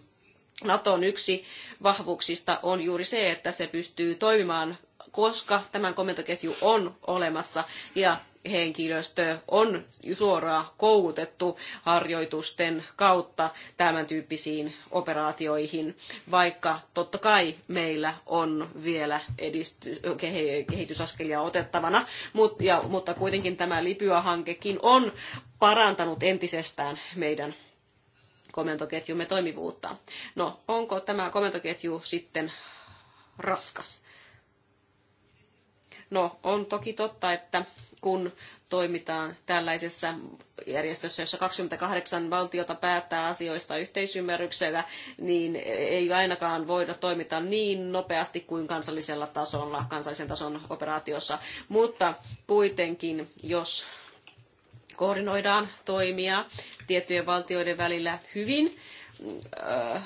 Naton yksi vahvuuksista on juuri se, että se pystyy toimimaan koska tämän komentoketju on olemassa ja henkilöstö on suoraan koulutettu harjoitusten kautta tämän tyyppisiin operaatioihin, vaikka totta kai meillä on vielä edisty, kehitysaskelia otettavana, Mut, ja, mutta kuitenkin tämä Libya-hankekin on parantanut entisestään meidän komentoketjumme toimivuutta. No, onko tämä komentoketju sitten raskas? No, on toki totta, että kun toimitaan tällaisessa järjestössä, jossa 28 valtiota päättää asioista yhteisymmärryksellä, niin ei ainakaan voida toimita niin nopeasti kuin kansallisella tasolla, kansallisen tason operaatiossa. Mutta kuitenkin, jos koordinoidaan toimia tiettyjen valtioiden välillä hyvin, Äh,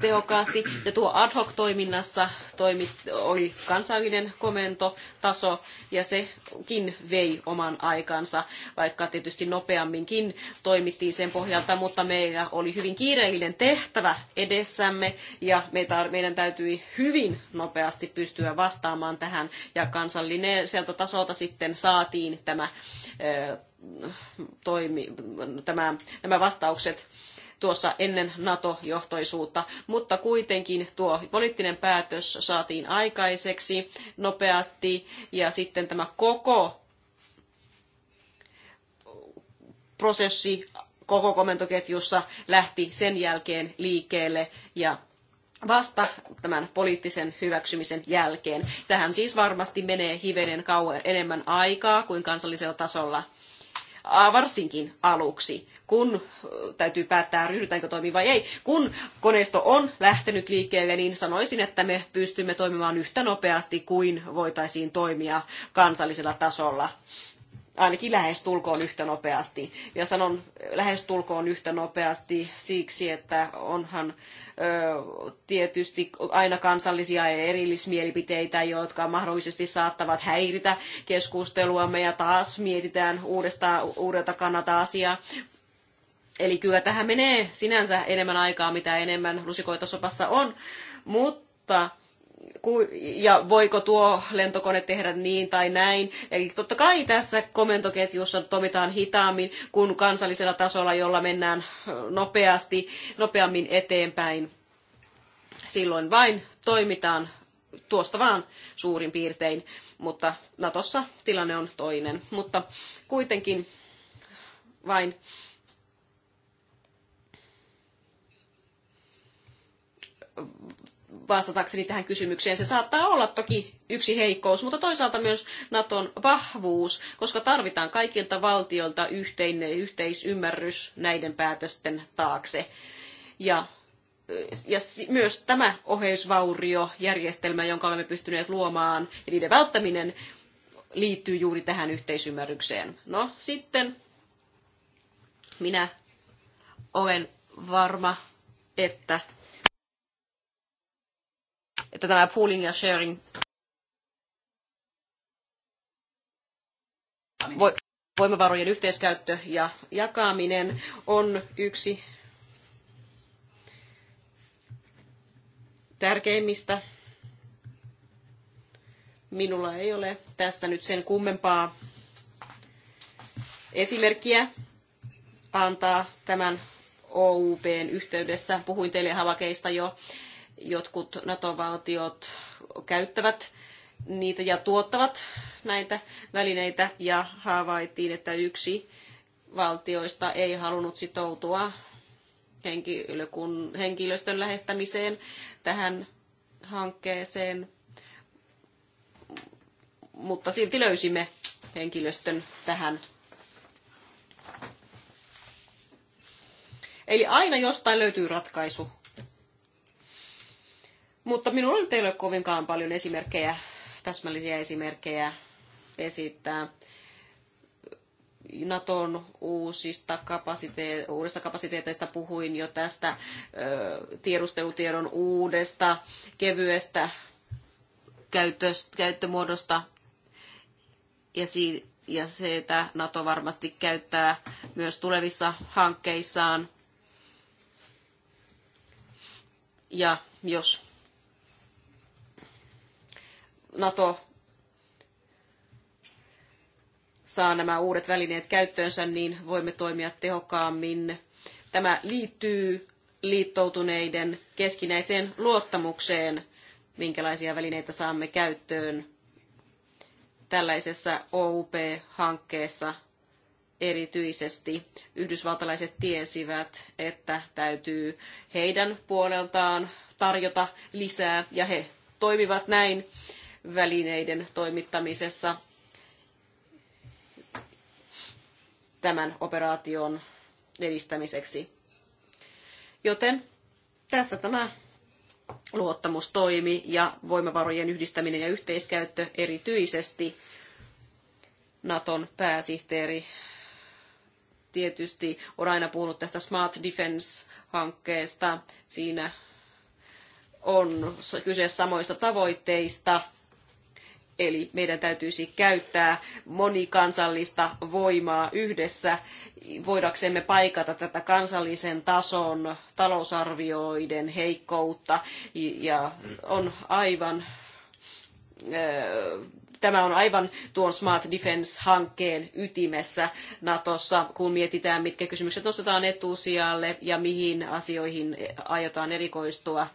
tehokkaasti. Ja tuo ad hoc toiminnassa toimit, oli kansallinen komentotaso ja sekin vei oman aikansa, vaikka tietysti nopeamminkin toimittiin sen pohjalta, mutta meillä oli hyvin kiireellinen tehtävä edessämme ja meidän täytyi hyvin nopeasti pystyä vastaamaan tähän ja kansallinen sieltä tasolta sitten saatiin tämä, äh, toimi, tämä, nämä vastaukset tuossa ennen NATO-johtoisuutta, mutta kuitenkin tuo poliittinen päätös saatiin aikaiseksi nopeasti ja sitten tämä koko prosessi koko komentoketjussa lähti sen jälkeen liikkeelle ja vasta tämän poliittisen hyväksymisen jälkeen. Tähän siis varmasti menee hivenen kauan enemmän aikaa kuin kansallisella tasolla varsinkin aluksi, kun täytyy päättää, ryhdytäänkö toimimaan vai ei. Kun koneisto on lähtenyt liikkeelle, niin sanoisin, että me pystymme toimimaan yhtä nopeasti kuin voitaisiin toimia kansallisella tasolla ainakin lähestulkoon yhtä nopeasti. Ja sanon äh, lähestulkoon yhtä nopeasti siksi, että onhan ö, tietysti aina kansallisia erillismielipiteitä, jotka mahdollisesti saattavat häiritä keskusteluamme ja taas mietitään uudestaan uudelta kannalta asiaa. Eli kyllä tähän menee sinänsä enemmän aikaa, mitä enemmän lusikoita sopassa on, mutta ja voiko tuo lentokone tehdä niin tai näin. Eli totta kai tässä komentoketjussa toimitaan hitaammin kuin kansallisella tasolla, jolla mennään nopeasti, nopeammin eteenpäin. Silloin vain toimitaan tuosta vaan suurin piirtein, mutta Natossa tilanne on toinen. Mutta kuitenkin vain vastatakseni tähän kysymykseen. Se saattaa olla toki yksi heikkous, mutta toisaalta myös Naton vahvuus, koska tarvitaan kaikilta valtioilta yhteinen, yhteisymmärrys näiden päätösten taakse. Ja ja myös tämä oheisvauriojärjestelmä, jonka olemme pystyneet luomaan, ja niiden välttäminen liittyy juuri tähän yhteisymmärrykseen. No sitten minä olen varma, että että tämä pooling ja sharing voimavarojen yhteiskäyttö ja jakaminen on yksi tärkeimmistä. Minulla ei ole tästä nyt sen kummempaa esimerkkiä antaa tämän OUPn yhteydessä. Puhuin teille havakeista jo jotkut NATO-valtiot käyttävät niitä ja tuottavat näitä välineitä ja havaittiin, että yksi valtioista ei halunnut sitoutua henkilöstön lähettämiseen tähän hankkeeseen, mutta silti löysimme henkilöstön tähän. Eli aina jostain löytyy ratkaisu mutta minulla nyt ei ole kovinkaan paljon esimerkkejä, täsmällisiä esimerkkejä esittää. Naton uusista kapasite- uudesta kapasiteeteista puhuin jo tästä tiedustelutiedon uudesta kevyestä käyttömuodosta ja, si- ja se, että Nato varmasti käyttää myös tulevissa hankkeissaan. Ja jos NATO saa nämä uudet välineet käyttöönsä, niin voimme toimia tehokkaammin. Tämä liittyy liittoutuneiden keskinäiseen luottamukseen, minkälaisia välineitä saamme käyttöön tällaisessa OUP-hankkeessa erityisesti yhdysvaltalaiset tiesivät, että täytyy heidän puoleltaan tarjota lisää ja he toimivat näin välineiden toimittamisessa tämän operaation edistämiseksi. Joten tässä tämä luottamustoimi ja voimavarojen yhdistäminen ja yhteiskäyttö erityisesti Naton pääsihteeri tietysti on aina puhunut tästä Smart Defense-hankkeesta. Siinä on kyse samoista tavoitteista Eli meidän täytyisi käyttää monikansallista voimaa yhdessä, voidaksemme paikata tätä kansallisen tason talousarvioiden heikkoutta. Ja on aivan äh, tämä on aivan tuon Smart Defense-hankkeen ytimessä Natossa, kun mietitään, mitkä kysymykset nostetaan etusijalle ja mihin asioihin aiotaan erikoistua.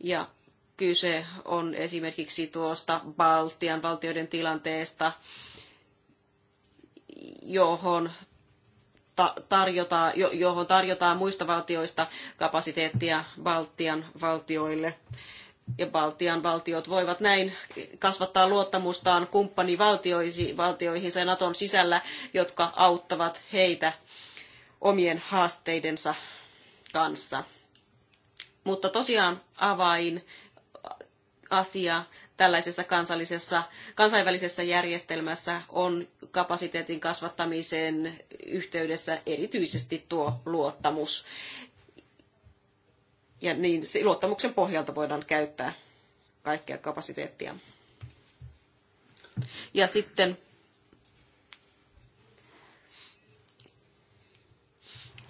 Ja Kyse on esimerkiksi tuosta Baltian valtioiden tilanteesta, johon tarjotaan, johon tarjotaan muista valtioista kapasiteettia Baltian valtioille. Ja Baltian valtiot voivat näin kasvattaa luottamustaan kumppanivaltioihinsa ja Naton sisällä, jotka auttavat heitä omien haasteidensa kanssa. Mutta tosiaan avain asia tällaisessa kansallisessa, kansainvälisessä järjestelmässä on kapasiteetin kasvattamisen yhteydessä erityisesti tuo luottamus. Ja niin luottamuksen pohjalta voidaan käyttää kaikkea kapasiteettia. Ja sitten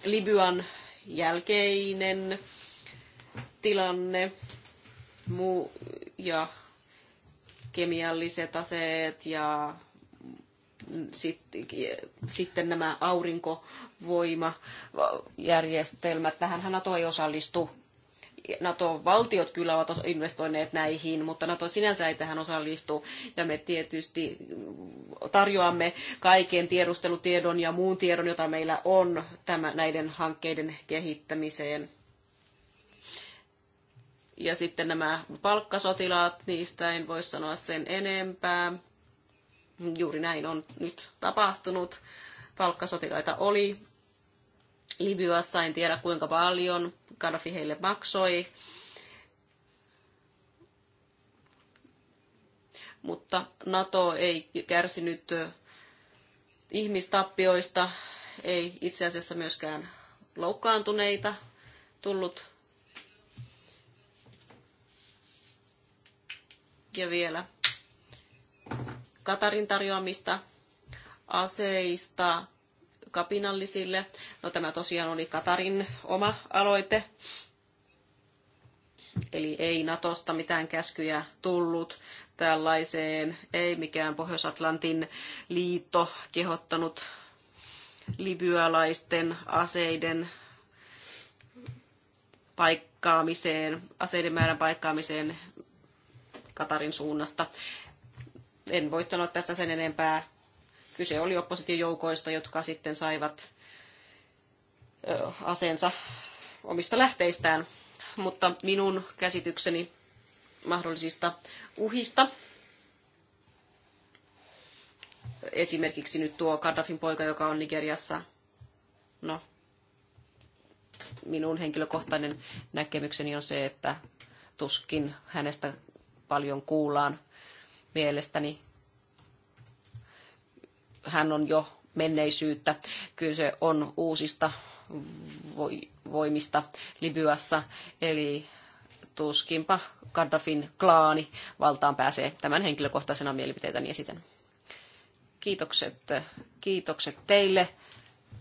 Libyan jälkeinen tilanne. Muu, ja kemialliset aseet ja sitten nämä aurinkovoimajärjestelmät. Tähän NATO ei osallistu. NATO-valtiot kyllä ovat investoineet näihin, mutta NATO sinänsä ei tähän osallistu. Ja me tietysti tarjoamme kaiken tiedustelutiedon ja muun tiedon, jota meillä on tämä, näiden hankkeiden kehittämiseen – ja sitten nämä palkkasotilaat, niistä en voi sanoa sen enempää. Juuri näin on nyt tapahtunut. Palkkasotilaita oli Libyassa, en tiedä kuinka paljon Gaddafi heille maksoi. Mutta NATO ei kärsinyt ihmistappioista, ei itse asiassa myöskään loukkaantuneita tullut ja vielä Katarin tarjoamista aseista kapinallisille. No tämä tosiaan oli Katarin oma aloite. Eli ei Natosta mitään käskyjä tullut tällaiseen, ei mikään Pohjois-Atlantin liitto kehottanut libyalaisten aseiden paikkaamiseen, aseiden määrän paikkaamiseen Katarin suunnasta. En voi sanoa tästä sen enempää. Kyse oli oppositiojoukoista, jotka sitten saivat aseensa omista lähteistään. Mutta minun käsitykseni mahdollisista uhista esimerkiksi nyt tuo Gaddafin poika, joka on Nigeriassa, no, minun henkilökohtainen näkemykseni on se, että tuskin hänestä paljon kuullaan mielestäni. Hän on jo menneisyyttä. Kyse on uusista voimista Libyassa, eli tuskinpa Gaddafin klaani valtaan pääsee tämän henkilökohtaisena mielipiteitäni esitän. Kiitokset, kiitokset teille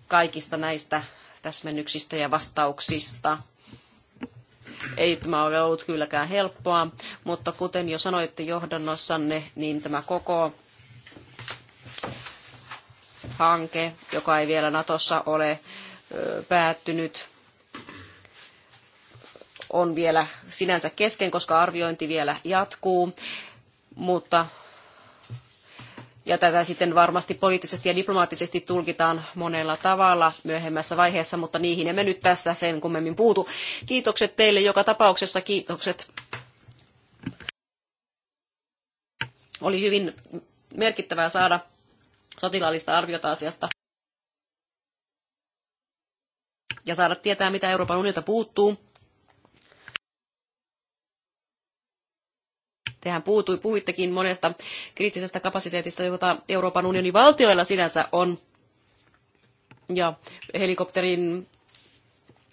kaikista näistä täsmennyksistä ja vastauksista. Ei tämä ole ollut kylläkään helppoa, mutta kuten jo sanoitte johdannossanne, niin tämä koko hanke, joka ei vielä Natossa ole päättynyt, on vielä sinänsä kesken, koska arviointi vielä jatkuu, mutta ja tätä sitten varmasti poliittisesti ja diplomaattisesti tulkitaan monella tavalla myöhemmässä vaiheessa, mutta niihin emme nyt tässä sen kummemmin puutu. Kiitokset teille joka tapauksessa, kiitokset. Oli hyvin merkittävää saada sotilaallista arviota asiasta ja saada tietää, mitä Euroopan unionilta puuttuu Tehän puutui, puhuittekin monesta kriittisestä kapasiteetista, jota Euroopan unionin valtioilla sinänsä on. Ja helikopterin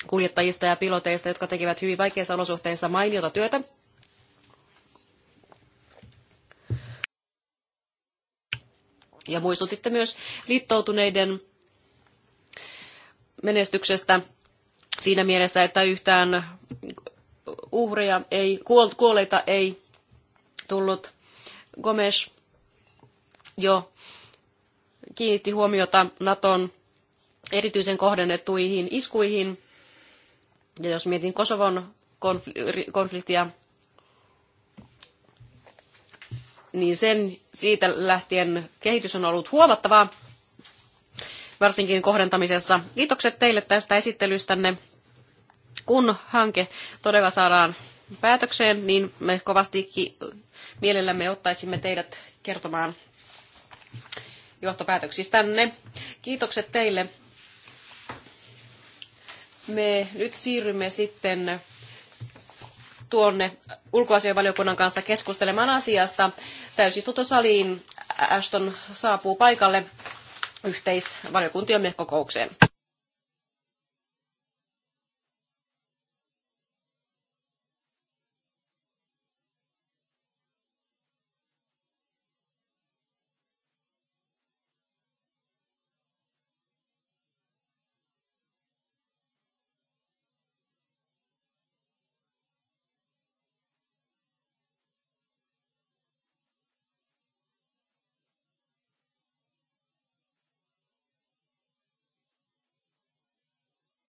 kuljettajista ja piloteista, jotka tekevät hyvin vaikeissa olosuhteissa mainiota työtä. Ja muistutitte myös liittoutuneiden menestyksestä siinä mielessä, että yhtään uhreja ei, kuolleita ei tullut. Gomes jo kiinnitti huomiota Naton erityisen kohdennettuihin iskuihin. Ja jos mietin Kosovon konfliktia, niin sen siitä lähtien kehitys on ollut huomattavaa, varsinkin kohdentamisessa. Kiitokset teille tästä esittelystänne. Kun hanke todella saadaan päätökseen, niin me kovasti Mielellämme ottaisimme teidät kertomaan johtopäätöksistänne. Kiitokset teille. Me nyt siirrymme sitten tuonne ulkoasianvaliokunnan kanssa keskustelemaan asiasta. Täysistuntosaliin Ashton saapuu paikalle yhteisvaliokuntiemme kokoukseen.